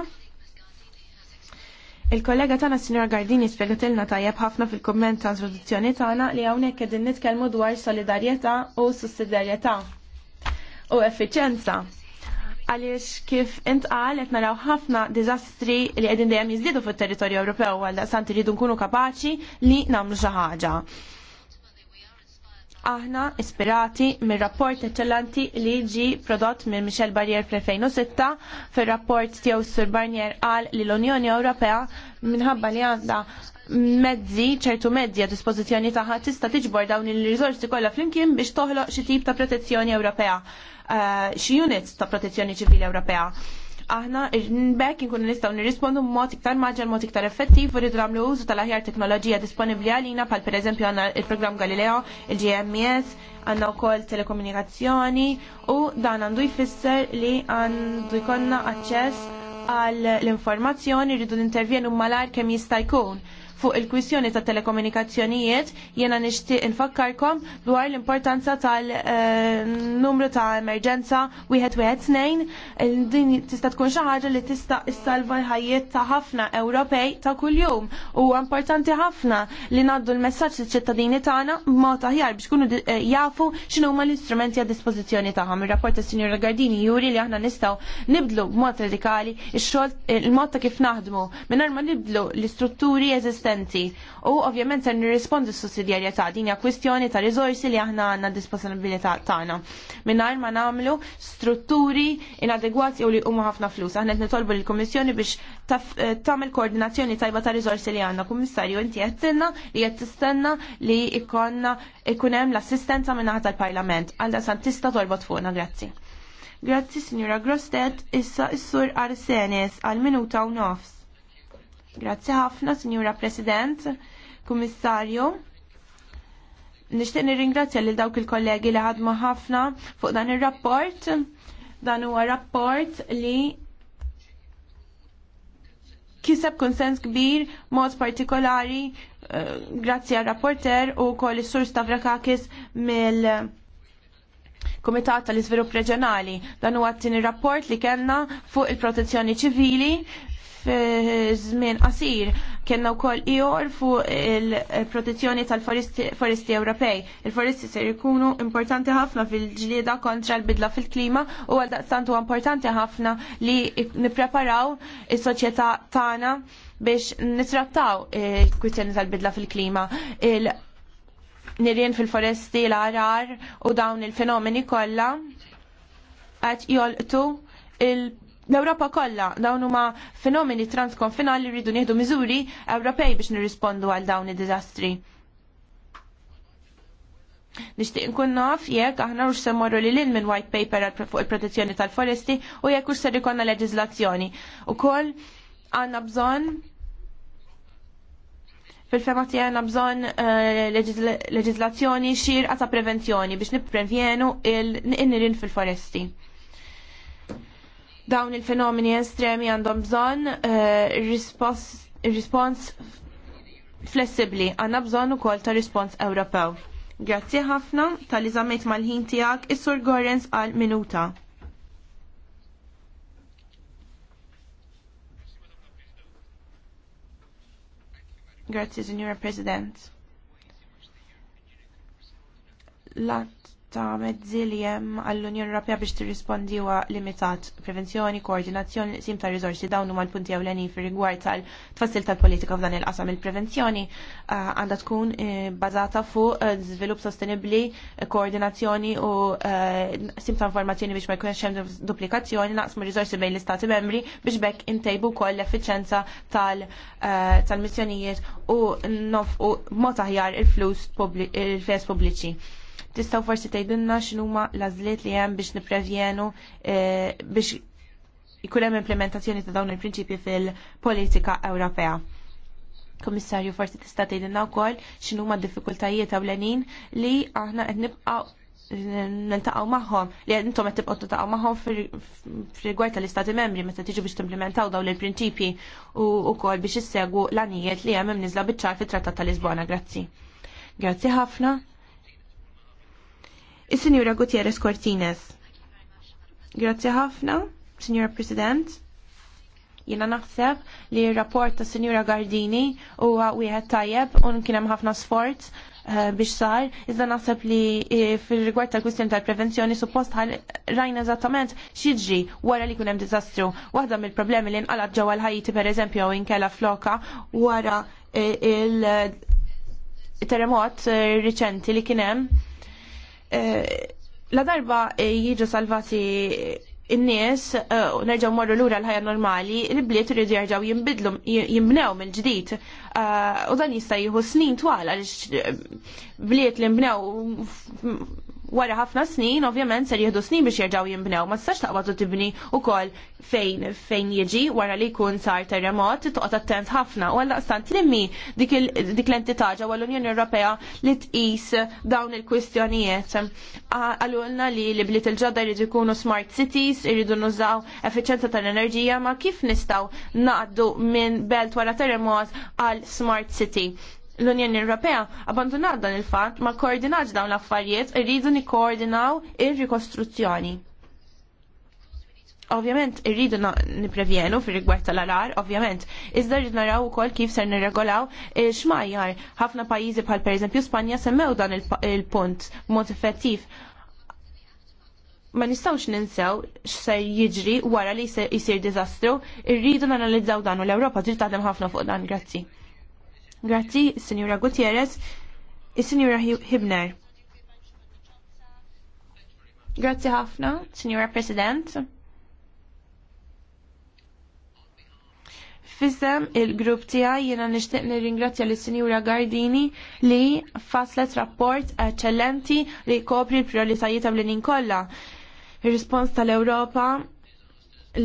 S2: Il-kollega tagħna Sinjor Gardini spjegatilna tajjeb ħafna fil-kumment ta' introduzzjoni tagħna li hawnhekk qegħdin nitkellmu dwar solidarjetà u sussidjarjetà u effiċjenza. Għaliex kif intqal qed naraw ħafna diżastri li qegħdin dejjem jiżdiedu fit-territorju Ewropew għal daqsant iridu nkunu kapaċi li nagħmlu xi ħaġa. Aħna ispirati mir rapport eċċellenti li ġi prodott minn Michel Barrier fl-2006 fir-rapport tiegħu Sur Barnier qal li l-Unjoni Ewropea minħabba li għandha mezzi, ċertu mezzi a dispozizjoni taħħa tista' tiġbor dawn il-riżorsi kollha flimkien biex toħloq xi tip ta' protezzjoni Ewropea, eh, xi units ta' protezzjoni ċivili Ewropea aħna bekk inkunu nistgħu nirrispondu mod iktar maġġel mod iktar effettiv u rridu nagħmlu użu tal-aħjar teknoloġija disponibbli għalina bħal pereżempju għandna il-programm Galileo, il-GMS, għandna wkoll telekomunikazzjoni u dan għandu jfisser li għandu jkollna aċċess għall informazzjoni rridu nintervjenu malar kemm jista' jkun fuq il-kwissjoni ta' telekomunikazzjonijiet jiena nixtieq infakkarkom dwar l-importanza tal-numru eh, ta' emerġenza wieħed wieħed snejn. Din tista' tkun xi ħaġa li tista' issalva l-ħajjiet ta' ħafna Ewropej ta' kuljum. Huwa importanti ħafna li ngħaddu l-messaġġ liċ-ċittadini tagħna b'mod aħjar biex kunu eh, jafu x'inhuma l-istrumenti għad dispożizzjoni tagħhom. Ir-rapport tas-Sinjura Gardini juri li aħna nistgħu nibdlu b'mod radikali x-xogħol il-mod ta' kif naħdmu. Mingħajr ma nibdlu l-istrutturi eżistenti eżistenti u ovvjament se nirrispondi s-sussidjarjetà din hija kwistjoni ta' riżorsi li aħna għandna disponibilità tagħna. Mingħajr ma nagħmlu strutturi inadegwati u li huma ħafna flus. Aħna qed nitolbu lill-Kummissjoni biex eh, tagħmel koordinazzjoni tajba ta' riżorsi li għandna. Kummissarju inti qed li qed tistenna li ikonna ikun hemm l-assistenza minn tal-Parlament. Għalda san tista' torbot fuqna, grazzi. Grazzi, Signora Grostet, issa issur sur Arsenis għal minuta u nofs. Grazzi ħafna, Signora President, Kummissarju. Nishtiq nirringrazzja lil dawk il-kollegi li ħadma ħafna fuq dan ir-rapport. Dan huwa rapport li kiseb konsens kbir mod partikolari eh, grazzi għal rapporter u koll is-sur Stavrakakis mill Komitat tal-Iżvilupp Reġjonali. Dan huwa t-tieni rapport li kellna fuq il-protezzjoni ċivili żmien qasir kienna wkoll ijor fuq il-protezzjoni tal-foresti Ewropej. Il-foresti ser ikunu importanti ħafna fil-ġlieda kontra l-bidla fil-klima u għal daqstant importanti ħafna li nippreparaw is-soċjetà tagħna biex nitrattaw il-kwistjoni tal-bidla fil-klima. Il nirien fil-foresti l-arar u dawn il-fenomeni kollha għat jolqtu il- l-Ewropa kollha dawn huma fenomeni transkonfinali rridu nieħdu miżuri Ewropej biex nirrispondu għal dawn id-diżastri. Nixtieq nkun naf jekk aħna rux se morru li lin minn white paper fuq il-protezzjoni tal-foresti u jekk rux ser ikollna leġiżlazzjoni. Ukoll għandna bżonn fil-fema tiegħi għandna bżonn eh, leġiżlazzjoni xirqa ta' prevenzjoni biex nipprevjenu il-nirin fil-foresti. Dawn il-fenomeni estremi għandhom bżonn uh, rispons flessibli, għandna bżonn ukoll ta' rispons Ewropew. Grazzi ħafna tal iżammejt mal-ħin tiegħek is-Sur Gorens għal minuta. Grazzi, Signora President. Lat ta' mezzi li hemm għall-Unjoni Ewropea biex tirrispondi huwa limitat. Prevenzjoni, koordinazzjoni, sim ta' rizorsi dawn huma l-punti ewlenin fir rigward tal-tfassil tal-politika f'dan il-qasam il-prevenzjoni eh, għandha tkun eh, bazata fuq eh, żvilupp sostenibbli, koordinazzjoni u sim ta' informazzjoni biex ma jkunx hemm duplikazzjoni naqsmu rizorsi bejn l-istati membri biex bekk intejbu wkoll l-effiċenza tal-missjonijiet u nofqu mod aħjar il-flus il-fes pubbliċi Tistaw forsi tgħidilna x'inhuma lażliet li hemm biex nipprevjenu eh, biex jkun hemm implementazzjoni ta' dawn il-prinċipji fil-politika Ewropea. Komissarju, forsi tista' tgħidilna wkoll x'inhuma d-diffikultajiet ewlenin li aħna qed nibqgħu niltaqgħu magħhom li intom qed tibqgħu taqgħu magħhom fir-rigward tal-Istati Membri meta tiġu biex timplementaw dawn il-prinċipji u wkoll biex issegwu l-għanijiet li hemm imniżla biċ-ċar fit-Trattat tal-Lisbona. Grazzi. Grazzi ħafna. Is-Sinjura Gutierrez Cortines. Grazzi ħafna, Sinjura President. Jiena naħseb li r-rapport ta' Sinjura Gardini huwa wieħed tajjeb u kien hemm ħafna sfort eh, biex sar, iżda naħseb li eh, fil-rigward tal-kwistjoni tal-prevenzjoni suppost ħal rajna eżattament xidġi wara li kunem dizastru. Waħda mill-problemi li nqalab ġewwa l-Ħajti pereżempju jew inkella floka wara eh, il-terremot riċenti li kien hemm Eh, la darba eh, jiġu salvati in-nies eh, u nerġgħu morru lura l-ħajja normali, l bliet iridu jerġgħu jimbidlu, jinbnew mill-ġdid. U dan jista' jieħu snin twal għaliex bliet li nbnew wara ħafna snin, ovvjament ser jieħdu snin biex jerġgħu jinbnew, ma tistax taqbad u tibni wkoll fejn fejn jiġi wara li jkun sar terremot, toqgħod attent ħafna u għallaqstant stant dik l-entità ġewwa l-Unjoni Ewropea li tqis dawn il-kwistjonijiet. għallulna li li bliet il-ġodda jridu jkunu smart cities, jridu nużaw effiċenza tal-enerġija, ma kif nistgħu naqdu minn belt wara terremot għal smart city l-Unjoni Ewropea abbandonat dan il-fatt ma koordinat dawn l-affarijiet irridu nikkoordinaw ir-rikostruzzjoni. Ovvjament irridu niprevjenu fir rigward tal-arar, ovvjament, iżda rridu naraw ukoll kif ser nirregolaw xmajjar. Ħafna pajjiżi bħal pereżempju Spanja semmew dan il-punt mod effettiv. Ma nistgħux ninsew x'se jiġri wara li jsir diżastru, irridu nanalizzaw dan u l-Ewropa trid taħdem ħafna fuq dan, grazzi. Grazzi, Signora Gutierrez, Signora Hibner. Grazzi ħafna, Signora President. Fizzem il-grupp tiegħi jiena nixtieq nirringrazzja lis sinjura Gardini li faslet rapport eċċellenti li jkopri l-prijoritajiet tal-linin kollha. Ir-rispons tal-Ewropa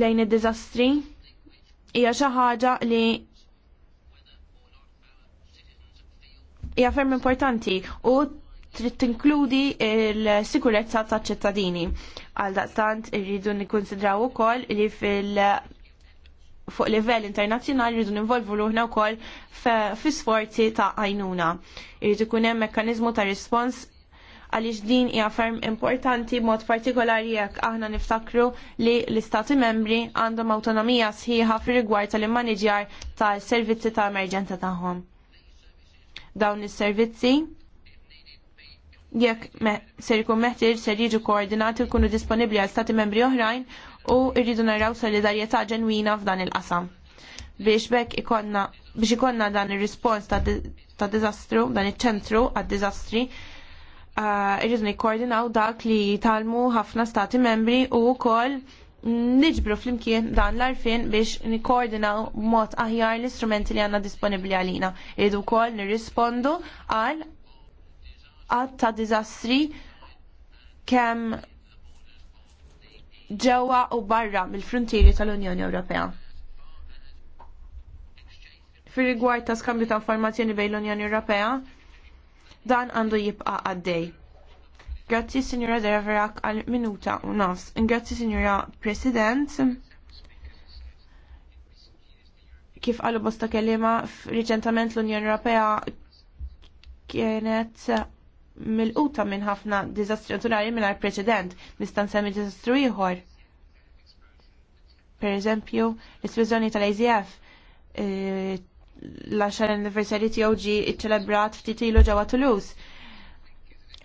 S2: lejn id-diżastri hija xi ħaġa li hija ferm importanti u trid tinkludi l-sikurezza taċ ċittadini. Għal daqstant irridu nikkonsidraw ukoll li fil- fuq livell internazzjonali rridu ninvolvu ruħna wkoll fi sforzi ta' għajnuna. Irridu ikun hemm mekkaniżmu ta' rispons għaliex din hija ferm importanti mod partikolari jekk aħna niftakru li l-istati membri għandhom awtonomija sħiħa fir rigward tal-immaniġjar tal-servizzi ta' emerġenza tagħhom dawn is-servizzi jekk ser jkun meħtieġ ser jiġu koordinati jkunu disponibbli għal stati membri oħrajn u rridu naraw solidarjetà ġenwina f'dan il-qasam. Biex bekk ikonna biex ikonna dan ir-rispons ta', di, ta diżastru, dan iċ-ċentru għad-diżastri, uh, irridu uh, nikkoordinaw dak li talmu ħafna stati membri u wkoll niġbru flimkien dan l-arfin biex nikkoordinaw mod aħjar l-istrumenti li għanna disponibli għalina. Irridu kol nirrispondu għal għatta ta' diżastri kemm ġewwa u barra mill-frontieri tal-Unjoni Ewropea. Fir rigward ta' skambju ta' informazzjoni bejn l-Unjoni Ewropea, dan għandu jibqa' għaddej. Grazzi Signora Deverak għal minuta u nofs. Grazzi Signora President. Kif għallu bosta kelima, reċentament l-Unjoni Ewropea kienet mil quta minn ħafna dizastri naturali minn preċedent nista' nsemmi diżastru ieħor. Per eżempju, l isvizjoni tal azf eh, l-10 anniversari tiegħu ġi ċċelebrat ftit ilu ġewwa Toulouse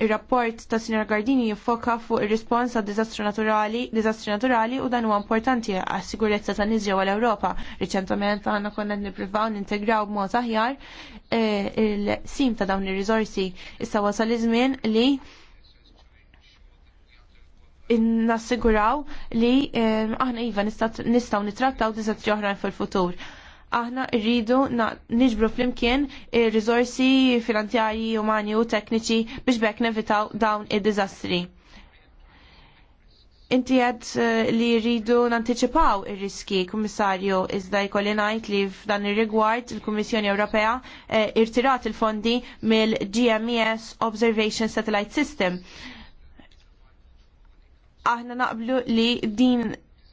S2: Ir-rapport ta' Sinjor Gardini jiffoka fuq ir-rispons għad diżastru naturali, diżastri naturali u dan huwa importanti għas sigurezza ta' niżja ġewwa l-Ewropa. Riċentement aħna konna nippruvaw nintegraw b'mod aħjar eh, il-sim ta' dawn ir-riżorsi. Issa wasal iż-żmien li nassiguraw li eh, aħna iva nistgħu nittrattaw diżastri oħrajn fil-futur aħna rridu niġbru flimkien ir finanzjarji, umani u tekniċi biex bekk nevitaw dawn id-diżastri. Inti għed eh, li rridu nanticipaw ir-riski, kummissarju, iżda jkolli ngħid li f'dan ir-rigward il-Kummissjoni Ewropea eh, irtirat il-fondi mill-GMES Observation Satellite System aħna naqblu li din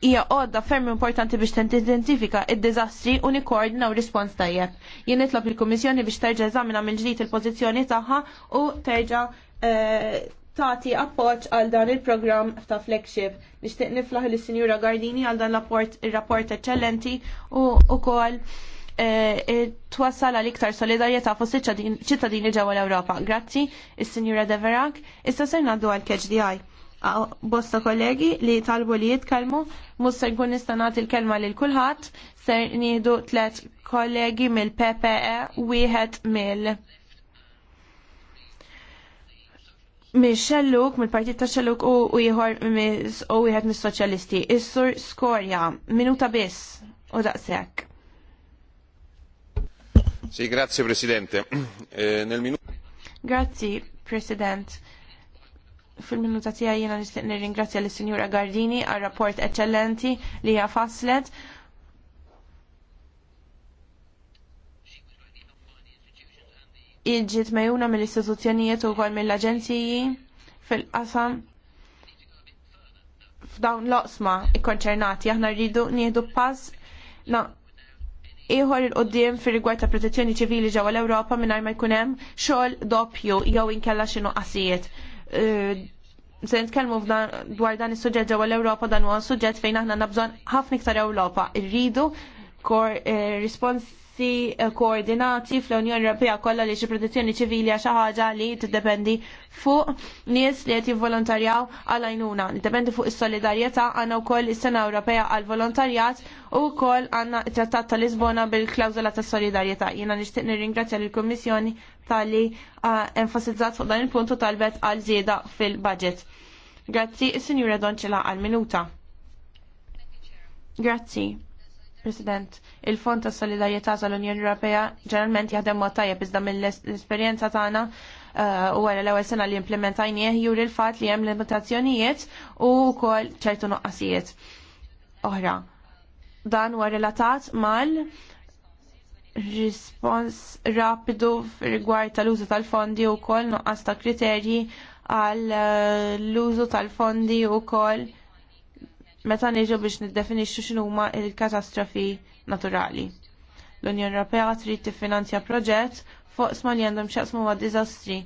S2: hija għodda ferm importanti biex tentintifika id-dizastri u nikkoordinaw rispons tajjeb. Jien nitlob il-Kummissjoni biex terġa' eżamina minn ġdid il-pożizzjoni tagħha u terġa' eh, tagħti appoġġ għal dan il-programm ta' flagship. Nixtieq niflaħ lis sinjura Gardini għal dan il-rapport eċċellenti u wkoll eh, twassal għal iktar solidarjetà fost ċittadini ġewwa l-Ewropa. Grazzi, s sinjura Deverak, issa se ngħaddu għal KHDI bosta kollegi li talbu li jitkalmu, mus se nkun nistanat il-kelma lil kulħadd, ser nidu tlet kollegi mill-PPE wieħed mill mil xelluk mill-partit ta' xelluk u ieħor u wieħed mis-soċjalisti. Is-sur Skorja, minuta biss u daqshekk. Sì, grazie Presidente. <clears throat> Eh, nel minuto... Grazie Presidente fil-minuta tiegħi jiena nir nirringrazzja l sinjura Gardini għar rapport eċċellenti li hija faslet. Iġġiet mejuna mill-istituzzjonijiet u wkoll mill-aġenziji fil-qasam f'dawn l osma ikkonċernati aħna rridu njedu pass na iħor il-qoddim fir rigward ta' protezzjoni ċivili ġewwa l-Ewropa mingħajr ma jkun hemm xogħol doppju jew inkella xi qasijiet. Eh, se nitkellmu dwar dan is-suġġett ġewwa l-Ewropa dan huwa suġġett fejn aħna nabżon ħafna iktar Ewropa. Irridu Eh, risponsi eh, koordinati fl-Unjoni Ewropea kollha li xi protezzjoni ċivili għal xi ħaġa li tiddependi fuq nies li qed jivvolontarjaw għal għajnuna. Niddependi fuq is-solidarjetà għandna wkoll is-Sena Ewropea għal volontarjat u wkoll għandna t-Trattat ta' Lisbona bil-klawżola ta' solidarjetà. Jiena nixtieq nirringrazzja lill kummissjoni tali eh, enfasizzat fuq dan il-punt u talbet għal żieda fil-budget. Grazzi, is-Sinjura Donċela għal-minuta. Grazzi. President, il-Fond ta' Solidarjetà tal-Unjoni Ewropea ġeneralment jaħdem mod tajjeb iżda mill-esperjenza tagħna uh, u għal l-ewwel sena li implementajnieh juri l-fatt li hemm limitazzjonijiet u wkoll ċertu noqqasijiet. Oħra, dan huwa relatat mal rispons rapidu rigward tal-użu tal-fondi u kol noqqas ta' kriterji għal uh, l-użu tal-fondi u kol meta niġu biex niddefinixxu x'inhuma l katastrofi naturali. L-Unjoni Ewropea trid tiffinanzja proġett fuq sma li għandhom x'jaqsmu ma' diżastri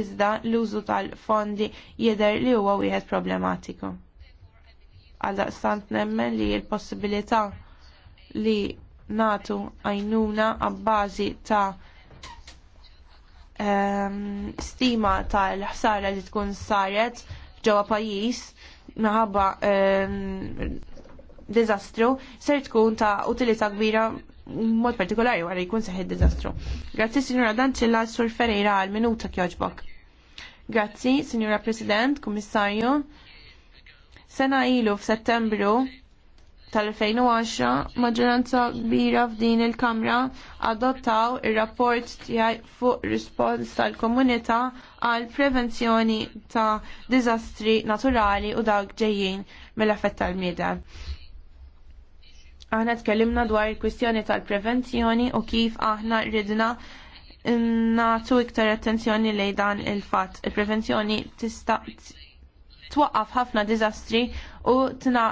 S2: iżda l-użu tal-fondi jidher li huwa wieħed problematiku. Għaldaqstant nemmen li l-possibilità li natu għajnuna għabbażi ta' um, stima tal-ħsara li tkun saret ġewwa pajjiż naħabba dizastru ser tkun ta' utilità kbira mod partikolari wara jkun seħi dizastru. Grazzi Sinjura Danċilla Sur Ferreira għal minuta kjoġbok. Grazzi Sinjura President, Kummissarju. Sena ilu f'Settembru tal-2010 maġġoranza kbira f'din il-Kamra adottaw ir-rapport tiegħi fuq rispons tal-komunità għal prevenzjoni ta' diżastri naturali u dawk ġejjin mill-effett tal-miedel. Aħna tkellimna dwar il-kwistjoni tal-prevenzjoni u kif aħna rridna nagħtu iktar attenzjoni lejn dan il-fatt. Il-prevenzjoni tista' twaqqaf ħafna diżastri u tna'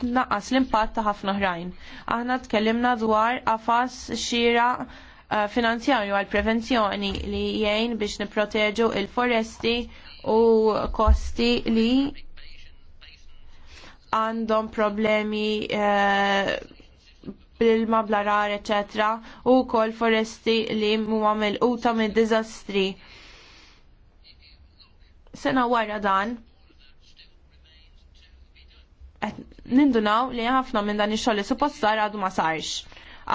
S2: tnaqqas l-impatt ta' ħafna ħrajn. Aħna tkellimna dwar afas xira eh, finanzjarju għal prevenzjoni li jgħin biex niproteġu il-foresti u kosti li għandhom problemi eh, bil-ma blarar, eccetera, u kol foresti li huma mill-quta mid-diżastri. Sena wara dan, nindunaw li ħafna minn dan ix-xogħol li suppost sar għadu ma sarx.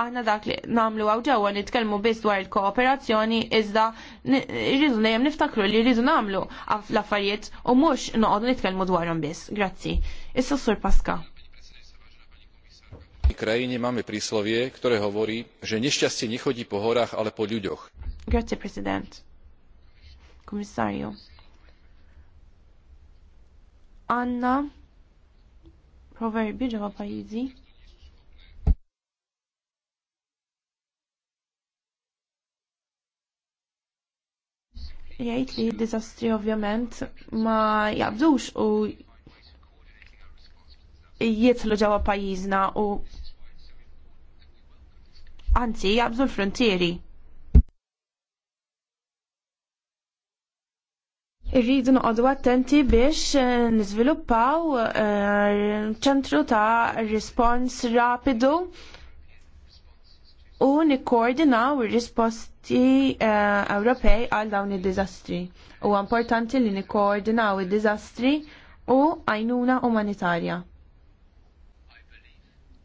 S2: Aħna dak li nagħmlu għaw ġewwa nitkellmu biss dwar il-kooperazzjoni iżda irridu dejjem niftakru li rridu nagħmlu l-affarijiet u mhux noqogħdu nitkellmu dwarhom biss. Grazzi. Issa Sur Paska.
S1: V krajine máme príslovie, ktoré hovorí, že nešťastie nechodí po horách, ale po
S2: ľuďoch. Grazie, President. Komisario. Anna proverbi ġewwa pajjiżi. Jgħid li d-diżastri ovvjament ma jaqbdux u jitlu ġewwa pajjiżna u anzi jaqbdu l-frontieri. Irridu noqogħdu attenti biex eh, niżviluppaw eh, ċentru ta' rispons rapidu u nikkoordinaw ir-risposti eh, Ewropej għal dawn id-diżastri. Huwa importanti li nikkoordinaw id-diżastri u għajnuna umanitarja.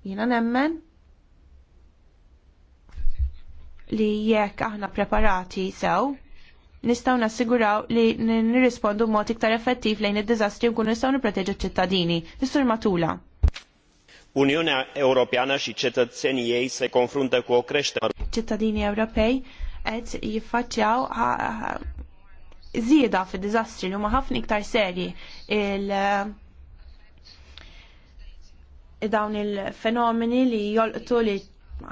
S2: Jiena nemmen li jekk aħna preparati sew, nistgħu nassiguraw li nirrispondu mod iktar effettiv lejn id-diżastri u nkunu nistgħu nipproteġu ċ-ċittadini. Mr. Matula.
S1: Unjoni Ewropjana xi ċittadini ei se konfronta ku o Ċittadini
S2: Cittadini Ewropej qed jiffaċċjaw zieda fi diżastri li huma ħafna iktar serji il eh, dawn il-fenomeni li jolqtu li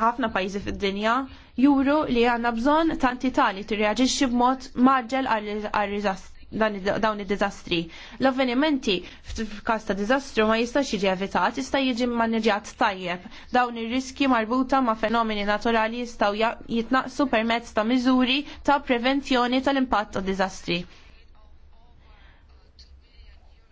S2: ħafna pajjiżi fid-dinja juru li għanna bżon ta' entità li tirreagġixxi b'mod maġġel għal dawn id-dizastri. L-avvenimenti f'każ ta' dizastru ma jistax jiġi evitat, jista' jiġi maneġjat tajjeb. Dawn ir-riski marbuta ma' fenomeni naturali jistgħu jitnaqsu permezz ta' miżuri ta' prevenzjoni tal-impatt ta' dizastri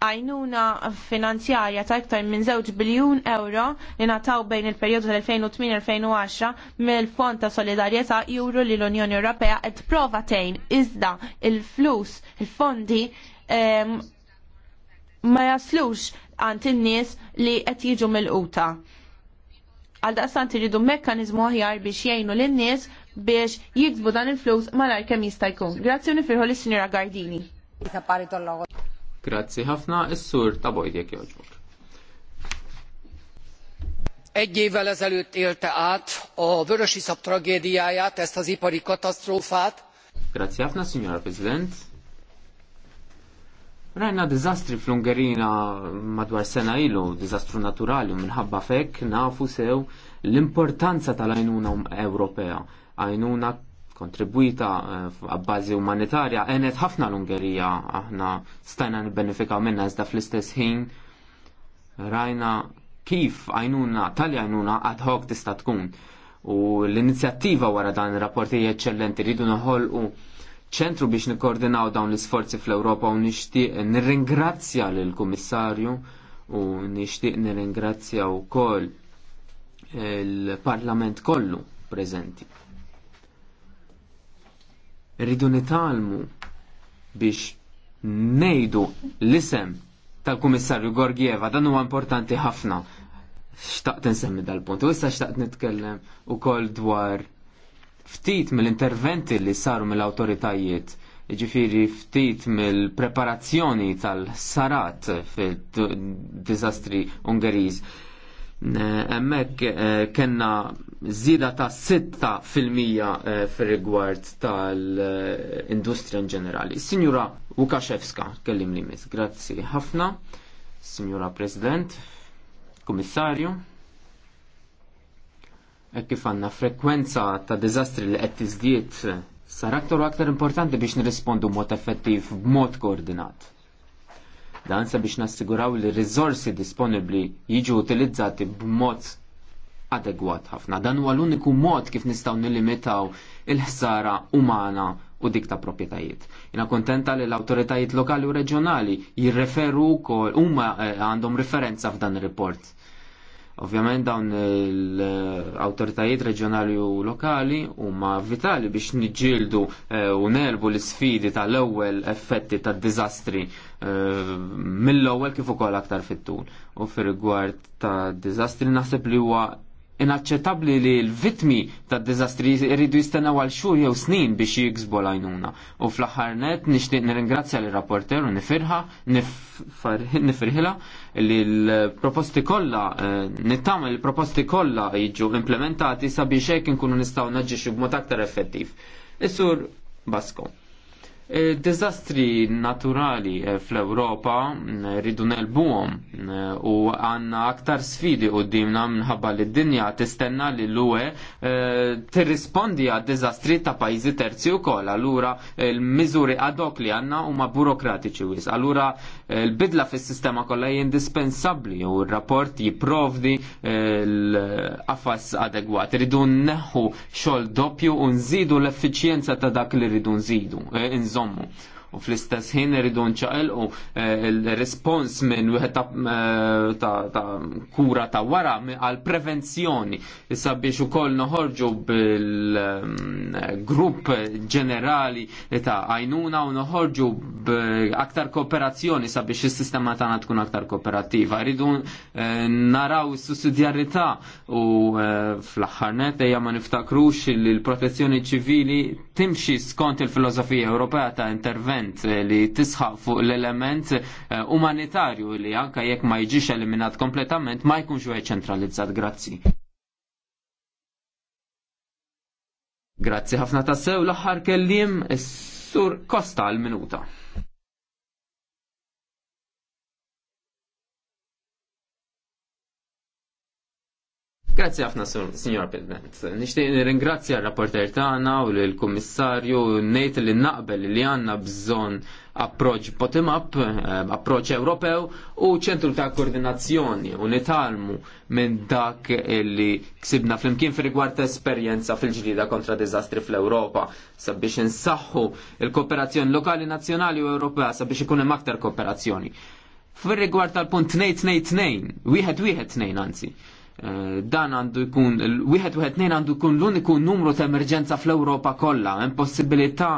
S2: għajnuna finanzjarja ta' iktar minn 2 biljun euro li nataw bejn il-periodu tal-2008-2010 mill-Fond ta' Solidarjetà Euro li l-Unjoni Ewropea qed prova tgħin iżda il-flus, il-fondi ma jaslux għand in-nies li qed jiġu mill-quta. Għal daqstant iridu mekkaniżmu aħjar biex jgħinu lin-nies biex jiksbu dan il-flus malar kemm jista' jkun. Grazzi nifirħu lis-Sinjora Gardini.
S1: Grazzi ħafna, is-sur ta' bojdek joġbok. Egy évvel ezelőtt élte át a Vörösiszap tragédiáját, ezt az ipari katasztrófát. Grazie ħafna, signora President. Rajna dizastri fl-Ungerina madwar sena ilu, dizastru naturali, minħabba fekk nafu sew l-importanza tal ajnuna Ewropea, ajnuna kontribwita eh, għabbażi umanitarja għenet ħafna l-Ungerija aħna stajna nibbenefikaw minna iżda fl-istess ħin rajna kif għajnuna tal għajnuna ad hoc tista' tkun u l-inizjattiva wara dan ir-rapporti eċċellenti rridu u ċentru biex nikkoordinaw dawn l-isforzi fl-Ewropa u nixtieq nirringrazzja lill-Kummissarju u nixtieq nirringrazzja wkoll il-Parlament kollu preżenti. Rridu nitalmu biex nejdu l-isem tal-Kummissarju Gorgieva dan huwa importanti ħafna. Xtaqt nsemmi dal-punt. U issa xtaqt nitkellem ukoll dwar ftit mill-interventi li saru mill-awtoritajiet ġifiri ftit mill-preparazzjoni tal-sarat fil-dizastri Ungeriż Emmek eh, kena zida ta' 6% fil-rigward eh, tal-industrija in ġenerali. Signora Wukaszewska, kellim li mis. Grazzi ħafna, Signora President, Komissarju. E kif għanna frekwenza ta' dizastri li qed tiżdied sar aktar u aktar importanti biex nirrispondu mod effettiv b'mod koordinat. Dan sabiex nassiguraw li r-riżorsi disponibbli jiġu utilizzati b'mod adegwat ħafna. Dan huwa l-uniku mod kif nistgħu nilimitaw il-ħsara umana u dik ta' proprjetajiet. Jina kontenta li l-autoritajiet lokali u reġjonali jirreferu wkoll huma eh, għandhom referenza f'dan ir-report. Ovvjament dawn l-autoritajiet reġjonali u lokali huma vitali biex niġġieldu eh, u nerbu l-sfidi tal-ewwel effetti tad-diżastri eh, mill-ewwel kif ukoll aktar fit-tul. U fir-rigward ta' diżastri naħseb li huwa inaċċettabbli li l-vitmi tad diżastri jridu jistennaw għal xhur jew snin biex jiksbu għajnuna. U fl-aħħar net nixtieq nirringrazzja lir rapporter u nifirħa, nifirħila li l-proposti kollha eh, nittamel il-proposti kollha jiġu implementati sabiex hekk inkunu nistgħu naġġixxu b'mod aktar effettiv. Is-sur Basko. E, dizastri naturali e, fl-Europa e, rridu nelbuhom u għanna aktar sfidi u dimna minħabba li d-dinja tistenna li l-UE tirrispondi għad dizastri ta' pajzi terzi u kol. Allura l-mizuri ad hoc li għanna huma burokratiċi wis. Allura l-bidla fis sistema kollha indispensabbli u r-rapport jiprovdi l affas adegwat. Rridu neħu xogħol doppju u nżidu l-effiċjenza ta' dak li rridu nżidu nżommu u fl-istess ħin irridu nċaqelqu eh, il-respons minn wieħed ta' eh, kura ta' wara għal prevenzjoni issa biex ukoll noħorġu bil-grupp eh, ġenerali ta' għajnuna u noħorġu b'aktar kooperazzjoni sabiex is-sistema tagħna tkun aktar kooperattiva. Rridu naraw is-sussidjarjetà u fl-aħħar net ejja ma niftakrux li l-protezzjoni ċivili timxi skont il-filosofija Ewropea ta' intervent element li tisħaq fuq l-element eh, umanitarju li anka jekk ma jġiex eliminat kompletament ma jkunx wieħed ċentralizzat. Grazzi. Grazzi ħafna tassew l-aħħar kellim is-sur Kosta għal-minuta. Grazzi ħafna, Signor President. Nishtiq nirringrazzja r-rapporter tagħna u l-Kummissarju ngħid li naqbel li għandna bżonn approċ bottom-up, eh, approċ Ewropew u ċentru ta' koordinazzjoni u nitalmu minn dak li ksibna flimkien fi rigward esperjenza fil-ġlida kontra dizastri fl-Ewropa sabiex insaħħu il-kooperazzjoni lokali, nazzjonali u Ewropea sabiex ikun hemm aktar kooperazzjoni. Fir rigward tal-punt 2 2 2, wieħed wieħed tnejn anzi. Eh, dan għandu jkun, wieħed u nejn għandu jkun l-uniku numru ta' emerġenza fl europa kollha, hemm possibilità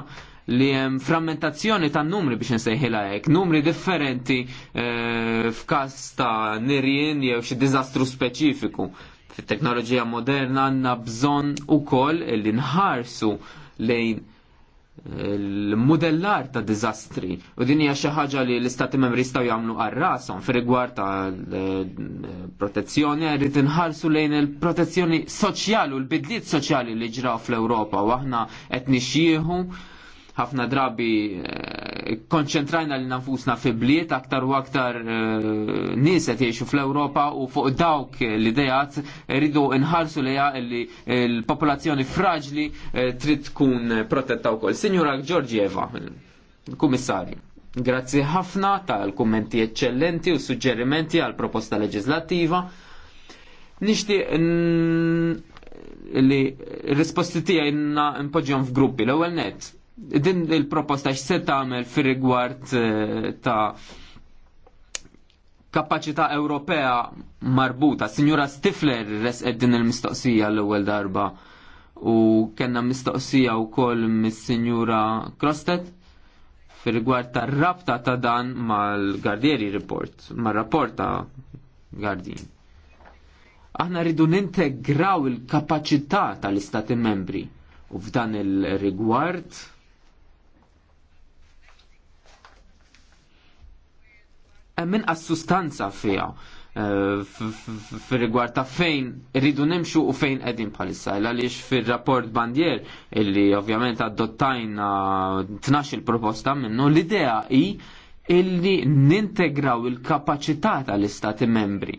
S1: li hemm frammentazzjoni ta' numri biex nsejħilha hekk, numri differenti eh, f'każ ta' nirien jew xi diżastru speċifiku. Fit-teknoloġija moderna għandna bżonn ukoll li nħarsu lejn l-modellar ta' dizastri u din hija xi ħaġa li l-istati membri jistgħu jagħmlu għar-rashom rigward ta' protezzjoni rrid inħarsu lejn il-protezzjoni soċjali u l-bidliet soċjali li ġraw fl-Ewropa u aħna qed nixjieħu ħafna drabi konċentrajna li nafusna fi bliet aktar u aktar nies qed jgħixu fl-Ewropa u fuq dawk l-idejat rridu nħarsu li li l-popolazzjoni fraġli trid tkun protetta wkoll. Sinjura Giorgieva, kummissarju. Grazzi ħafna tal-kummenti eccellenti u suġġerimenti għal proposta leġislattiva. Nixtieq li risposti tiegħi npoġġihom f'gruppi l-ewwel net din il-proposta x'se tagħmel fir-rigward eh, ta' kapacità Ewropea marbuta. Signora Stifler resqed din il-mistoqsija l-ewwel darba u kellna mistoqsija wkoll mis-Sinjura Crostet fir rigward tar-rabta ta' dan mal-Gardieri Report, mar-rapport ta' Gardien. Aħna rridu nintegraw il-kapaċità tal-Istati membri u f'dan il-rigward hemm sustanza fiha eh, fil-rigward ta' fejn rridu nimxu u fejn qegħdin bħalissa. Għaliex fir-rapport Bandier illi ovvjament adottajna tnax il-proposta minnu l-idea hi illi nintegraw il-kapaċità tal-istati membri.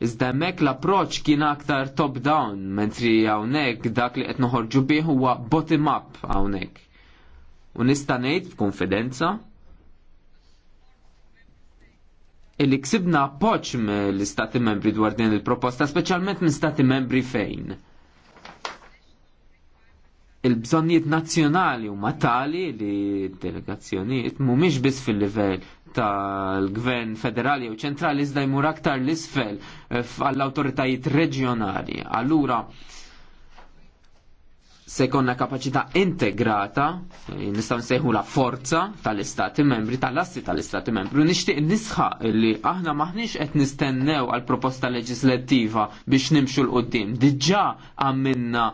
S1: Iżda hemmhekk l-approċ kien aktar top-down, mentri hawnhekk dak li qed noħorġu bih huwa bottom-up hawnhekk. U nista' ngħid b'konfidenza illi ksibna appoġġ l-istati membri dwar din il-proposta, speċjalment minn stati membri fejn. Il-bżonnijiet nazzjonali u tali li delegazzjonijiet mhumiex biss fil-livell tal-gvern federali u ċentrali iżda jmur aktar l-isfel eh, għall-autoritajiet reġjonali. Allura, se jkollna kapaċità integrata, eh, nistgħu nsejħu la forza tal-istati membri, tal-assi tal-istati membri, u nixtieq nisħaq li aħna maħniex qed nistennew għal proposta leġislattiva biex nimxu l-qoddim. Diġà għamilna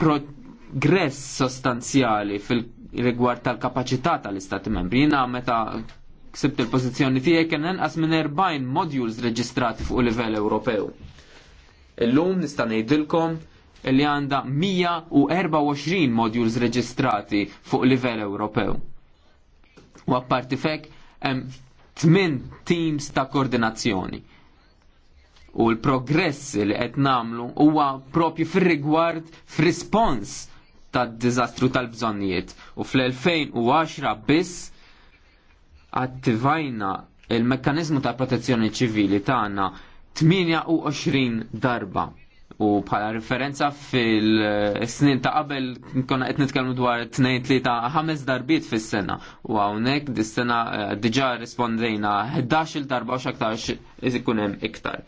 S1: progress sostanzjali fil-rigward tal-kapaċità tal-istati membri. Jiena meta ksibt il-pożizzjoni tiegħi kien inqas minn 40 modules reġistrati fuq livell Ewropew. Illum nista' ngħidilkom li għanda 124 modules reġistrati fuq livell Ewropew. U apparti fek, hemm 8 teams ta' koordinazzjoni. U l-progress li qed namlu huwa propju fir-rigward fir tad-diżastru tal-bżonnijiet. U fl-2010 biss attivajna il-mekkanizmu ta' protezzjoni ċivili tagħna 28 darba u bħala referenza fil-snin ta' qabel konna qed nitkellmu dwar 2 3 ħames darbiet fis-sena u hawnhekk dis-sena eh, diġà rispondejna 11-il darba u xaktar ikun hemm iktar.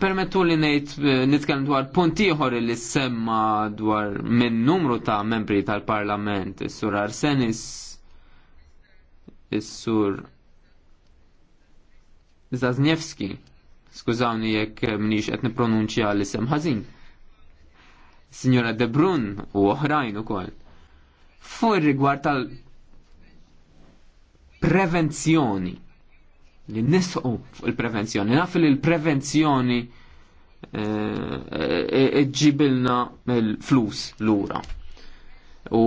S1: Permettu li nejt eh, nitkellmu dwar punti ieħor li semma dwar minn numru ta' membri tal-Parlament, is-Sur Arsenis, is-Sur Zazniewski. Skużawni jekk mniex qed nippronunċja l-isem ħażin. Signora De Brun u oħrajn ukoll. Fuq rigward tal-prevenzjoni li nisqu fuq il-prevenzjoni. Naf li l-prevenzjoni eh, eh, ġibilna il flus l-ura. U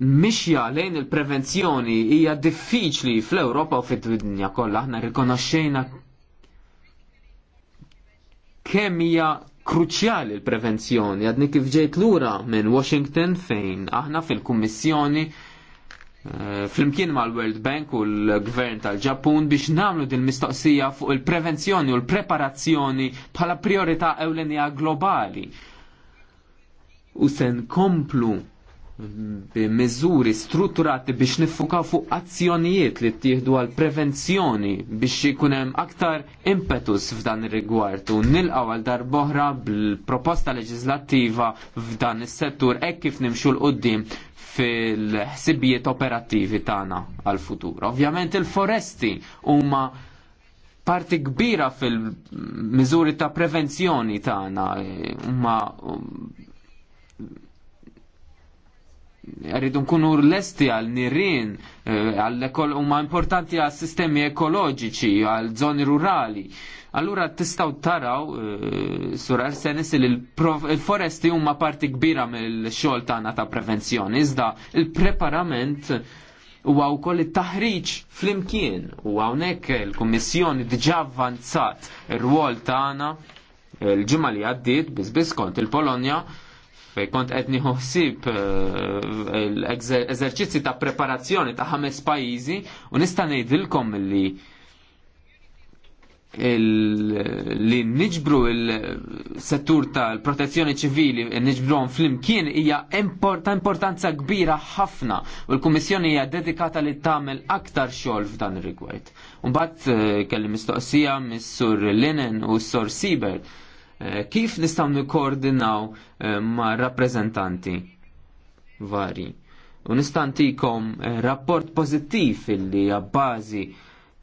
S1: mixja lejn il-prevenzjoni hija diffiċli fl-Ewropa u fid-dinja kollha aħna rikonoxxejna kemm hija kruċjali l-prevenzjoni għadni kif ġejt lura minn Washington fejn aħna fil-Kummissjoni eh, flimkien mal World Bank u l-Gvern tal-Ġappun biex namlu din mistoqsija fuq il-prevenzjoni u l-preparazzjoni bħala priorità ewlenija globali. U sen komplu b'miżuri strutturati biex niffukaw fuq azzjonijiet li ttieħdu għal prevenzjoni biex ikun hemm aktar impetus f'dan ir-rigward u nilqgħu għal darb'oħra bil-proposta leġislattiva f'dan is-settur hekk kif nimxu l qoddim fil-ħsibijiet operattivi tagħna għall futur Ovvjament il-foresti huma parti kbira fil-miżuri ta' prevenzjoni tagħna huma rridu nkunu lesti għal nirien, eh, għal huma importanti għal sistemi ekoloġiċi, għal zoni rurali. Allura tistaw taraw, eh, sur Arsenis, il-foresti huma parti kbira mill-xogħol tagħna ta' prevenzjoni, iżda il-preparament huwa wkoll it-taħriġ flimkien u hawnhekk il-Kummissjoni diġà avvanzat ir-rwol tagħna il-ġimgħa eh, li għaddiet biss kont il-Polonja fej kont qed nieħu eh, l-eżerċizzi ta' preparazzjoni ta' ħames pajjiżi u nista' ngħidilkom li li niġbru il-settur tal-protezzjoni ċivili niġbruhom flimkien hija ta' importanza kbira ħafna u l-Kummissjoni hija dedikata li tagħmel aktar xogħol f'dan ir-rigward. Mbagħad eh, kelli mistoqsija mis-sur Linen u s-sur Siebert Eh, kif nistgħu nikkoordinaw eh, ma' rappreżentanti vari. U nistantikom eh, rapport pożittiv illi għabbażi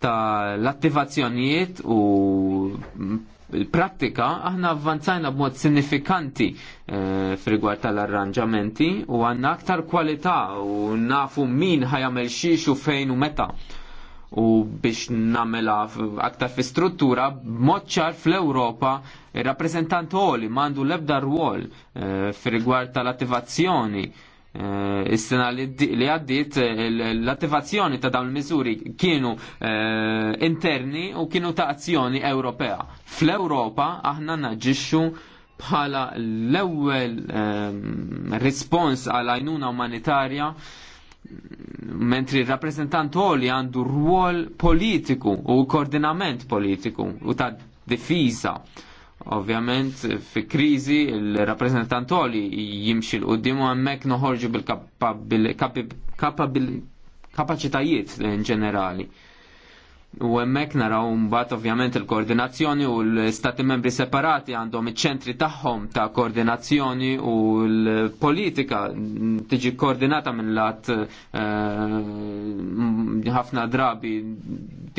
S1: ta' l-attivazzjonijiet u l prattika aħna avvanzajna b'mod sinifikanti e, f'rigward tal-arranġamenti u għanna aktar kwalità u nafu min ħajamel xiex u fejn u meta u biex namela aktar fi struttura moċċar fl-Europa rappresentant għoli mandu lebda rwol e, fi rigward tal-attivazzjoni eh, Is-sena li għaddit eh, l-attivazzjoni ta' dawn il-miżuri kienu interni u kienu ta' azzjoni Ewropea. Fl-Ewropa aħna naġġixxu bħala l-ewwel rispons għal ajnuna umanitarja mentri rappresentant li għandu rwol politiku u koordinament politiku u ta' difisa. Ovvjament, fi krizi il-rappresentant li jimxi l-qoddim u għemmek noħorġu bil-kapacitajiet in ġenerali. U hemmhekk naraw mbagħad ovvjament il-koordinazzjoni u l istati membri separati għandhom iċ-ċentri tagħhom ta' koordinazzjoni u l-politika tiġi koordinata minn lat eh, ħafna drabi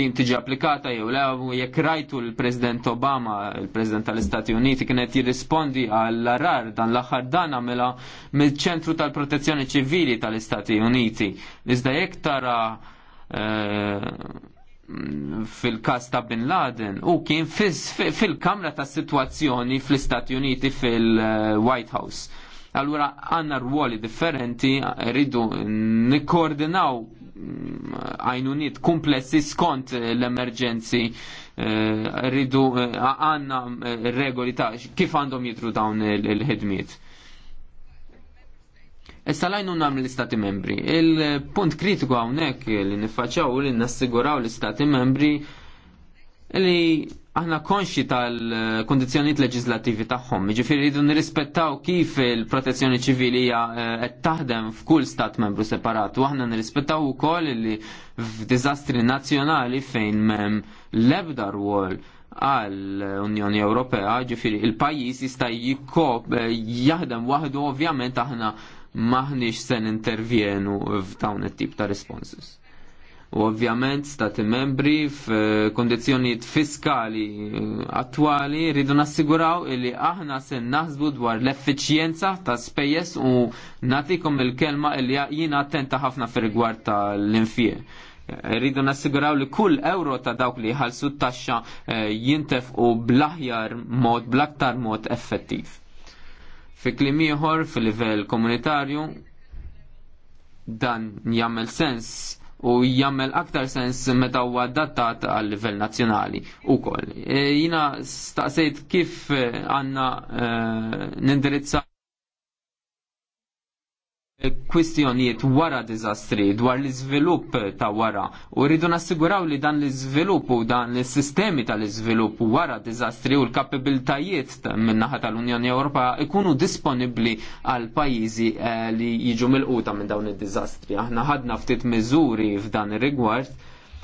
S1: tim tiġi applikata jew le jekk rajtu l-President Obama, il-President tal-Istati Uniti kienet jirrispondi għall-arar dan l-aħħar dan għamela mill-ċentru tal-protezzjoni ċivili tal-Istati Uniti. Iżda jekk tara eh, fil-kas ta' Bin Laden u kien fil-kamra ta' situazzjoni fl-Istati Uniti fil-White House. Allura għanna ruoli differenti, rridu nikkoordinaw mm, għajnunit komplessi skont l-emerġenzi, eh, rridu eh, għanna eh, regoli ta' kif għandhom jidru dawn il-ħidmiet. Issa lajnu nam l-istati membri. Il-punt kritiku għawnek li nifacċaw li nassiguraw l-istati membri li aħna konxi tal-kondizjoniet leġislativi tagħhom. Ġifieri rridu nirrispettaw kif il-protezzjoni ċivili hija eh, qed taħdem f'kull stat membru separat u aħna nirrispettaw ukoll li f'diżastri nazzjonali fejn mem l-ebda rwol għal Unjoni Ewropea, ġifiri il-pajis jista' jikop eh, jaħdem waħdu ovvjament aħna maħniex se intervjenu f'dawn it-tip ta' responses. U ovvjament stati membri f'kondizjoniet fiskali eh, attwali rridu nassiguraw illi aħna se naħsbu dwar l-effiċjenza ta' spejjeż u natikom il-kelma illi jiena attenta ħafna fir-rigward tal-infie rridu nassiguraw li kull euro ta' dawk li ħalsu t-taxxa eh, jintef u blaħjar mod, blaktar mod effettiv. Fi klim ieħor fil-livell komunitarju dan jagħmel sens u jagħmel aktar sens meta huwa adattat għal livell nazzjonali ukoll. E, jina staqsejt kif eh, għandna nindirizzat eh, nindirizza kwistjonijiet wara dizastri dwar l-iżvilupp ta' wara u rridu nassiguraw li dan l-iżvilupp u dan is-sistemi tal-iżvilupp wara dizastri u l-kapabiltajiet min-naħa tal-Unjoni Ewropea ikunu disponibbli għal pajjiżi eh, li jiġu mil-quta minn dawn id-diżastri. Aħna ħadna ftit miżuri f'dan ir-rigward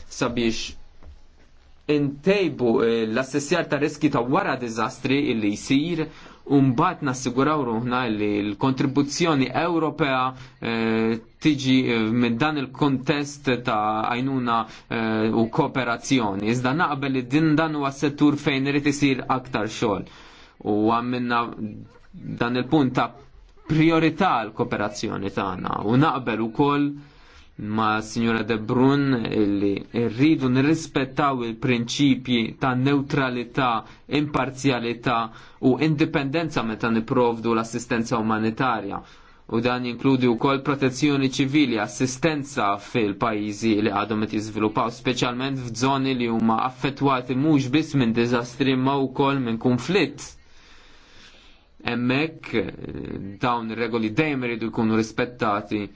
S1: sabiex intejbu eh, l-assessjar ta' riski ta' wara dizastri illi jisir Umbat nassiguraw ruħna li l-kontribuzzjoni Ewropea eh, tiġi eh, minn dan il-kontest ta' għajnuna eh, u kooperazzjoni. Iżda naqbel li din dan huwa settur fejn irid isir aktar xogħol. U għamminna dan il-punt ta' priorità l-kooperazzjoni tagħna u naqbel ukoll ma' Signora De Brun illi rridu nirrispettaw il-prinċipji ta' neutralità, imparzjalità u indipendenza meta niprovdu l-assistenza umanitarja. U dan jinkludi wkoll protezzjoni ċivili, assistenza fil-pajjiżi li għadhom qed jiżviluppaw, speċjalment f'żoni li huma affettwati mhux biss minn diżastri ma wkoll minn konflitt emmek eh, dawn ir-regoli dejjem iridu jkunu rispettati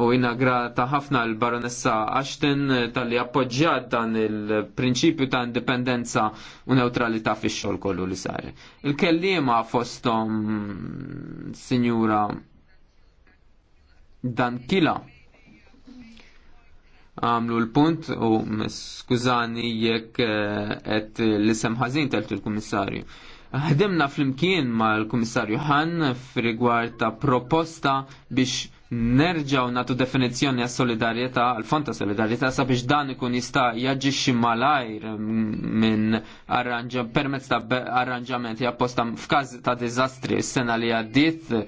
S1: U jina grata ħafna l-baronessa Ashton tal-li appoġġjat dan il-prinċipju ta' indipendenza u neutralità fi xol kollu li sar. Il-kellima fostom Signora dan kila għamlu l-punt u skużani jekk eh, et l-isem ħazin tal il-kummissarju. Ħdimna fl-imkien ma l-kummissarju ħan f'rigward ta' proposta biex nerġaw natu definizjoni għas solidarieta għal fond ta' solidarieta sabiex dan ikun jista' jaġixxi malajr minn permezz ta' arranġamenti apposta f'każ ta' diżastri s-sena li għaddiet eh,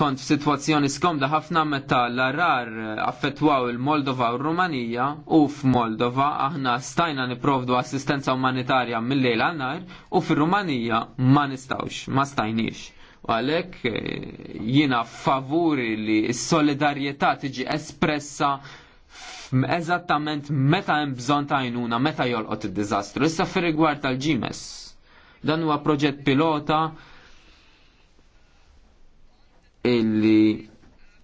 S1: kont f'sitwazzjoni skomda ħafna meta l-arar affettwaw il-Moldova u Rumanija u f'Moldova aħna stajna niprovdu assistenza umanitarja mill-lejl għal nar u fir-Rumanija ma nistawx, ma stajniex. U għalhekk eh, jiena favuri li s-solidarjetà tiġi espressa eżattament meta hemm bżonn ta' għajnuna, meta jolqot id-diżastru. Issa fir rigward tal-ġimes. Dan huwa proġett pilota illi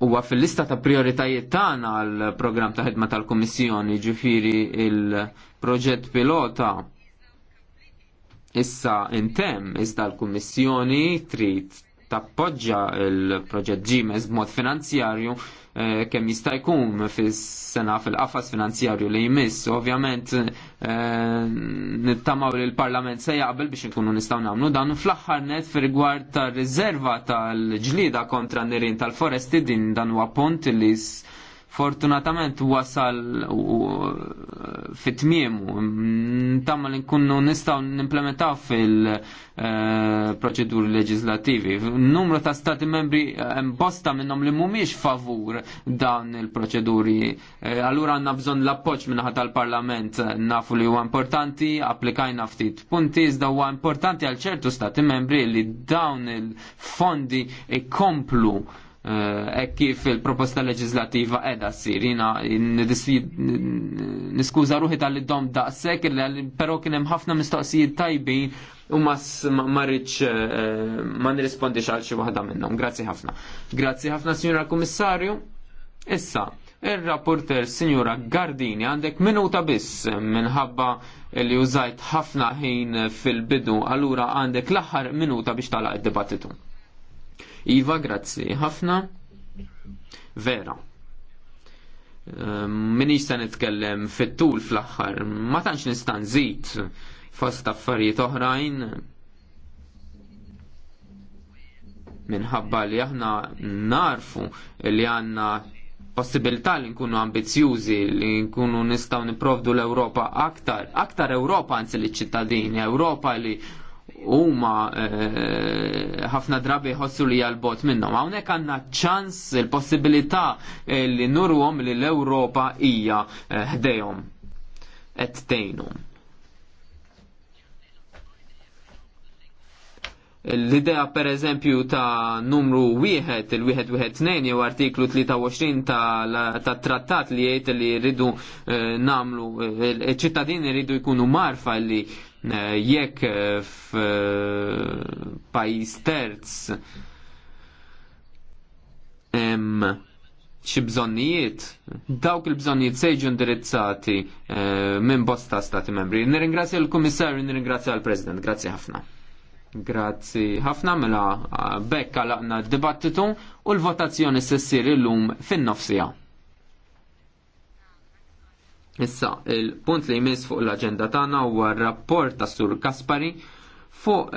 S1: huwa fil-lista ta' prioritajiet tagħna għal programm ta' ħidma tal-Kummissjoni, ġifieri il-proġett pilota issa intemm iżda l-Kummissjoni trid tappoġġja il-proġett Ġimes b'mod finanzjarju eh, kemm jista' jkun fis-sena fil-qafas finanzjarju li jmiss. Ovvjament eh, nittamaw li l-Parlament se jaqbel biex nkunu nistgħu nagħmlu dan fl-aħħar net fir-rigward tar-riserva tal-ġlida kontra nirien tal-foresti din dan huwa punt li fortunatament wasal fit-tmiem tamma li nkunu nistaw nimplementaw fil-proċeduri eh, leġislativi. Numru ta' stati membri eh, bosta minnom li mumiex favur dawn il-proċeduri. Eh, allura għanna bżon l-appoċ minnaħat tal-parlament nafu li huwa importanti, applikajna ftit punti, iżda huwa importanti għal ċertu stati membri li dawn il-fondi ikomplu hekk eh, kif il-proposta leġislativa s-sir, jina niskuża ruħi tal-dom daqshekk però kien hemm ħafna mistoqsijiet tajbin u ma rridx eh, ma nirrispondi għal xi waħda minnhom. Grazzi ħafna. Grazzi ħafna Sinjura Kummissarju. Issa, il-rapporter Sinjura Gardini għandek minuta biss minħabba li użajt ħafna ħin fil-bidu, allura għandek l-aħħar minuta biex tala' id-dibattitu. Iva, grazzi ħafna. Vera. Ehm, min jista' nitkellem fit-tul fl-aħħar, ma tantx nista' nżid fost affarijiet oħrajn minħabba li aħna narfu li għanna possibilità li nkunu ambizjużi, li nkunu nistaw niprovdu l-Europa aktar, aktar Europa anzi li ċittadini, Europa li huma eh, ħafna drabi jħossu li jalbot minnhom. Hawnhekk għandna ċans il-possibilità eh, li nurwom li l-Ewropa hija eh, ħdejhom qed tgħinhom. L-idea per eżempju ta' numru wieħed, il-wieħed wieħed tnejn jew artiklu 23 ta', ta trattat li jgħid li rridu eh, namlu, il-ċittadini rridu jkunu marfa li Eh, jekk eh, f'pajjiż eh, terz hemm xi bżonnijiet, dawk il-bżonnijiet se jiġu indirizzati minn bosta stati membri. Nirringrazzja l-Kummissarju, nirringrazzja l-President, grazzi ħafna. Grazzi ħafna mela bekka laqna d-dibattitu u l-votazzjoni s-sessir il-lum fin-nofsija. Issa, il-punt li jmiss fuq l-agenda tagħna huwa r-rapport ta' Sur Kaspari fuq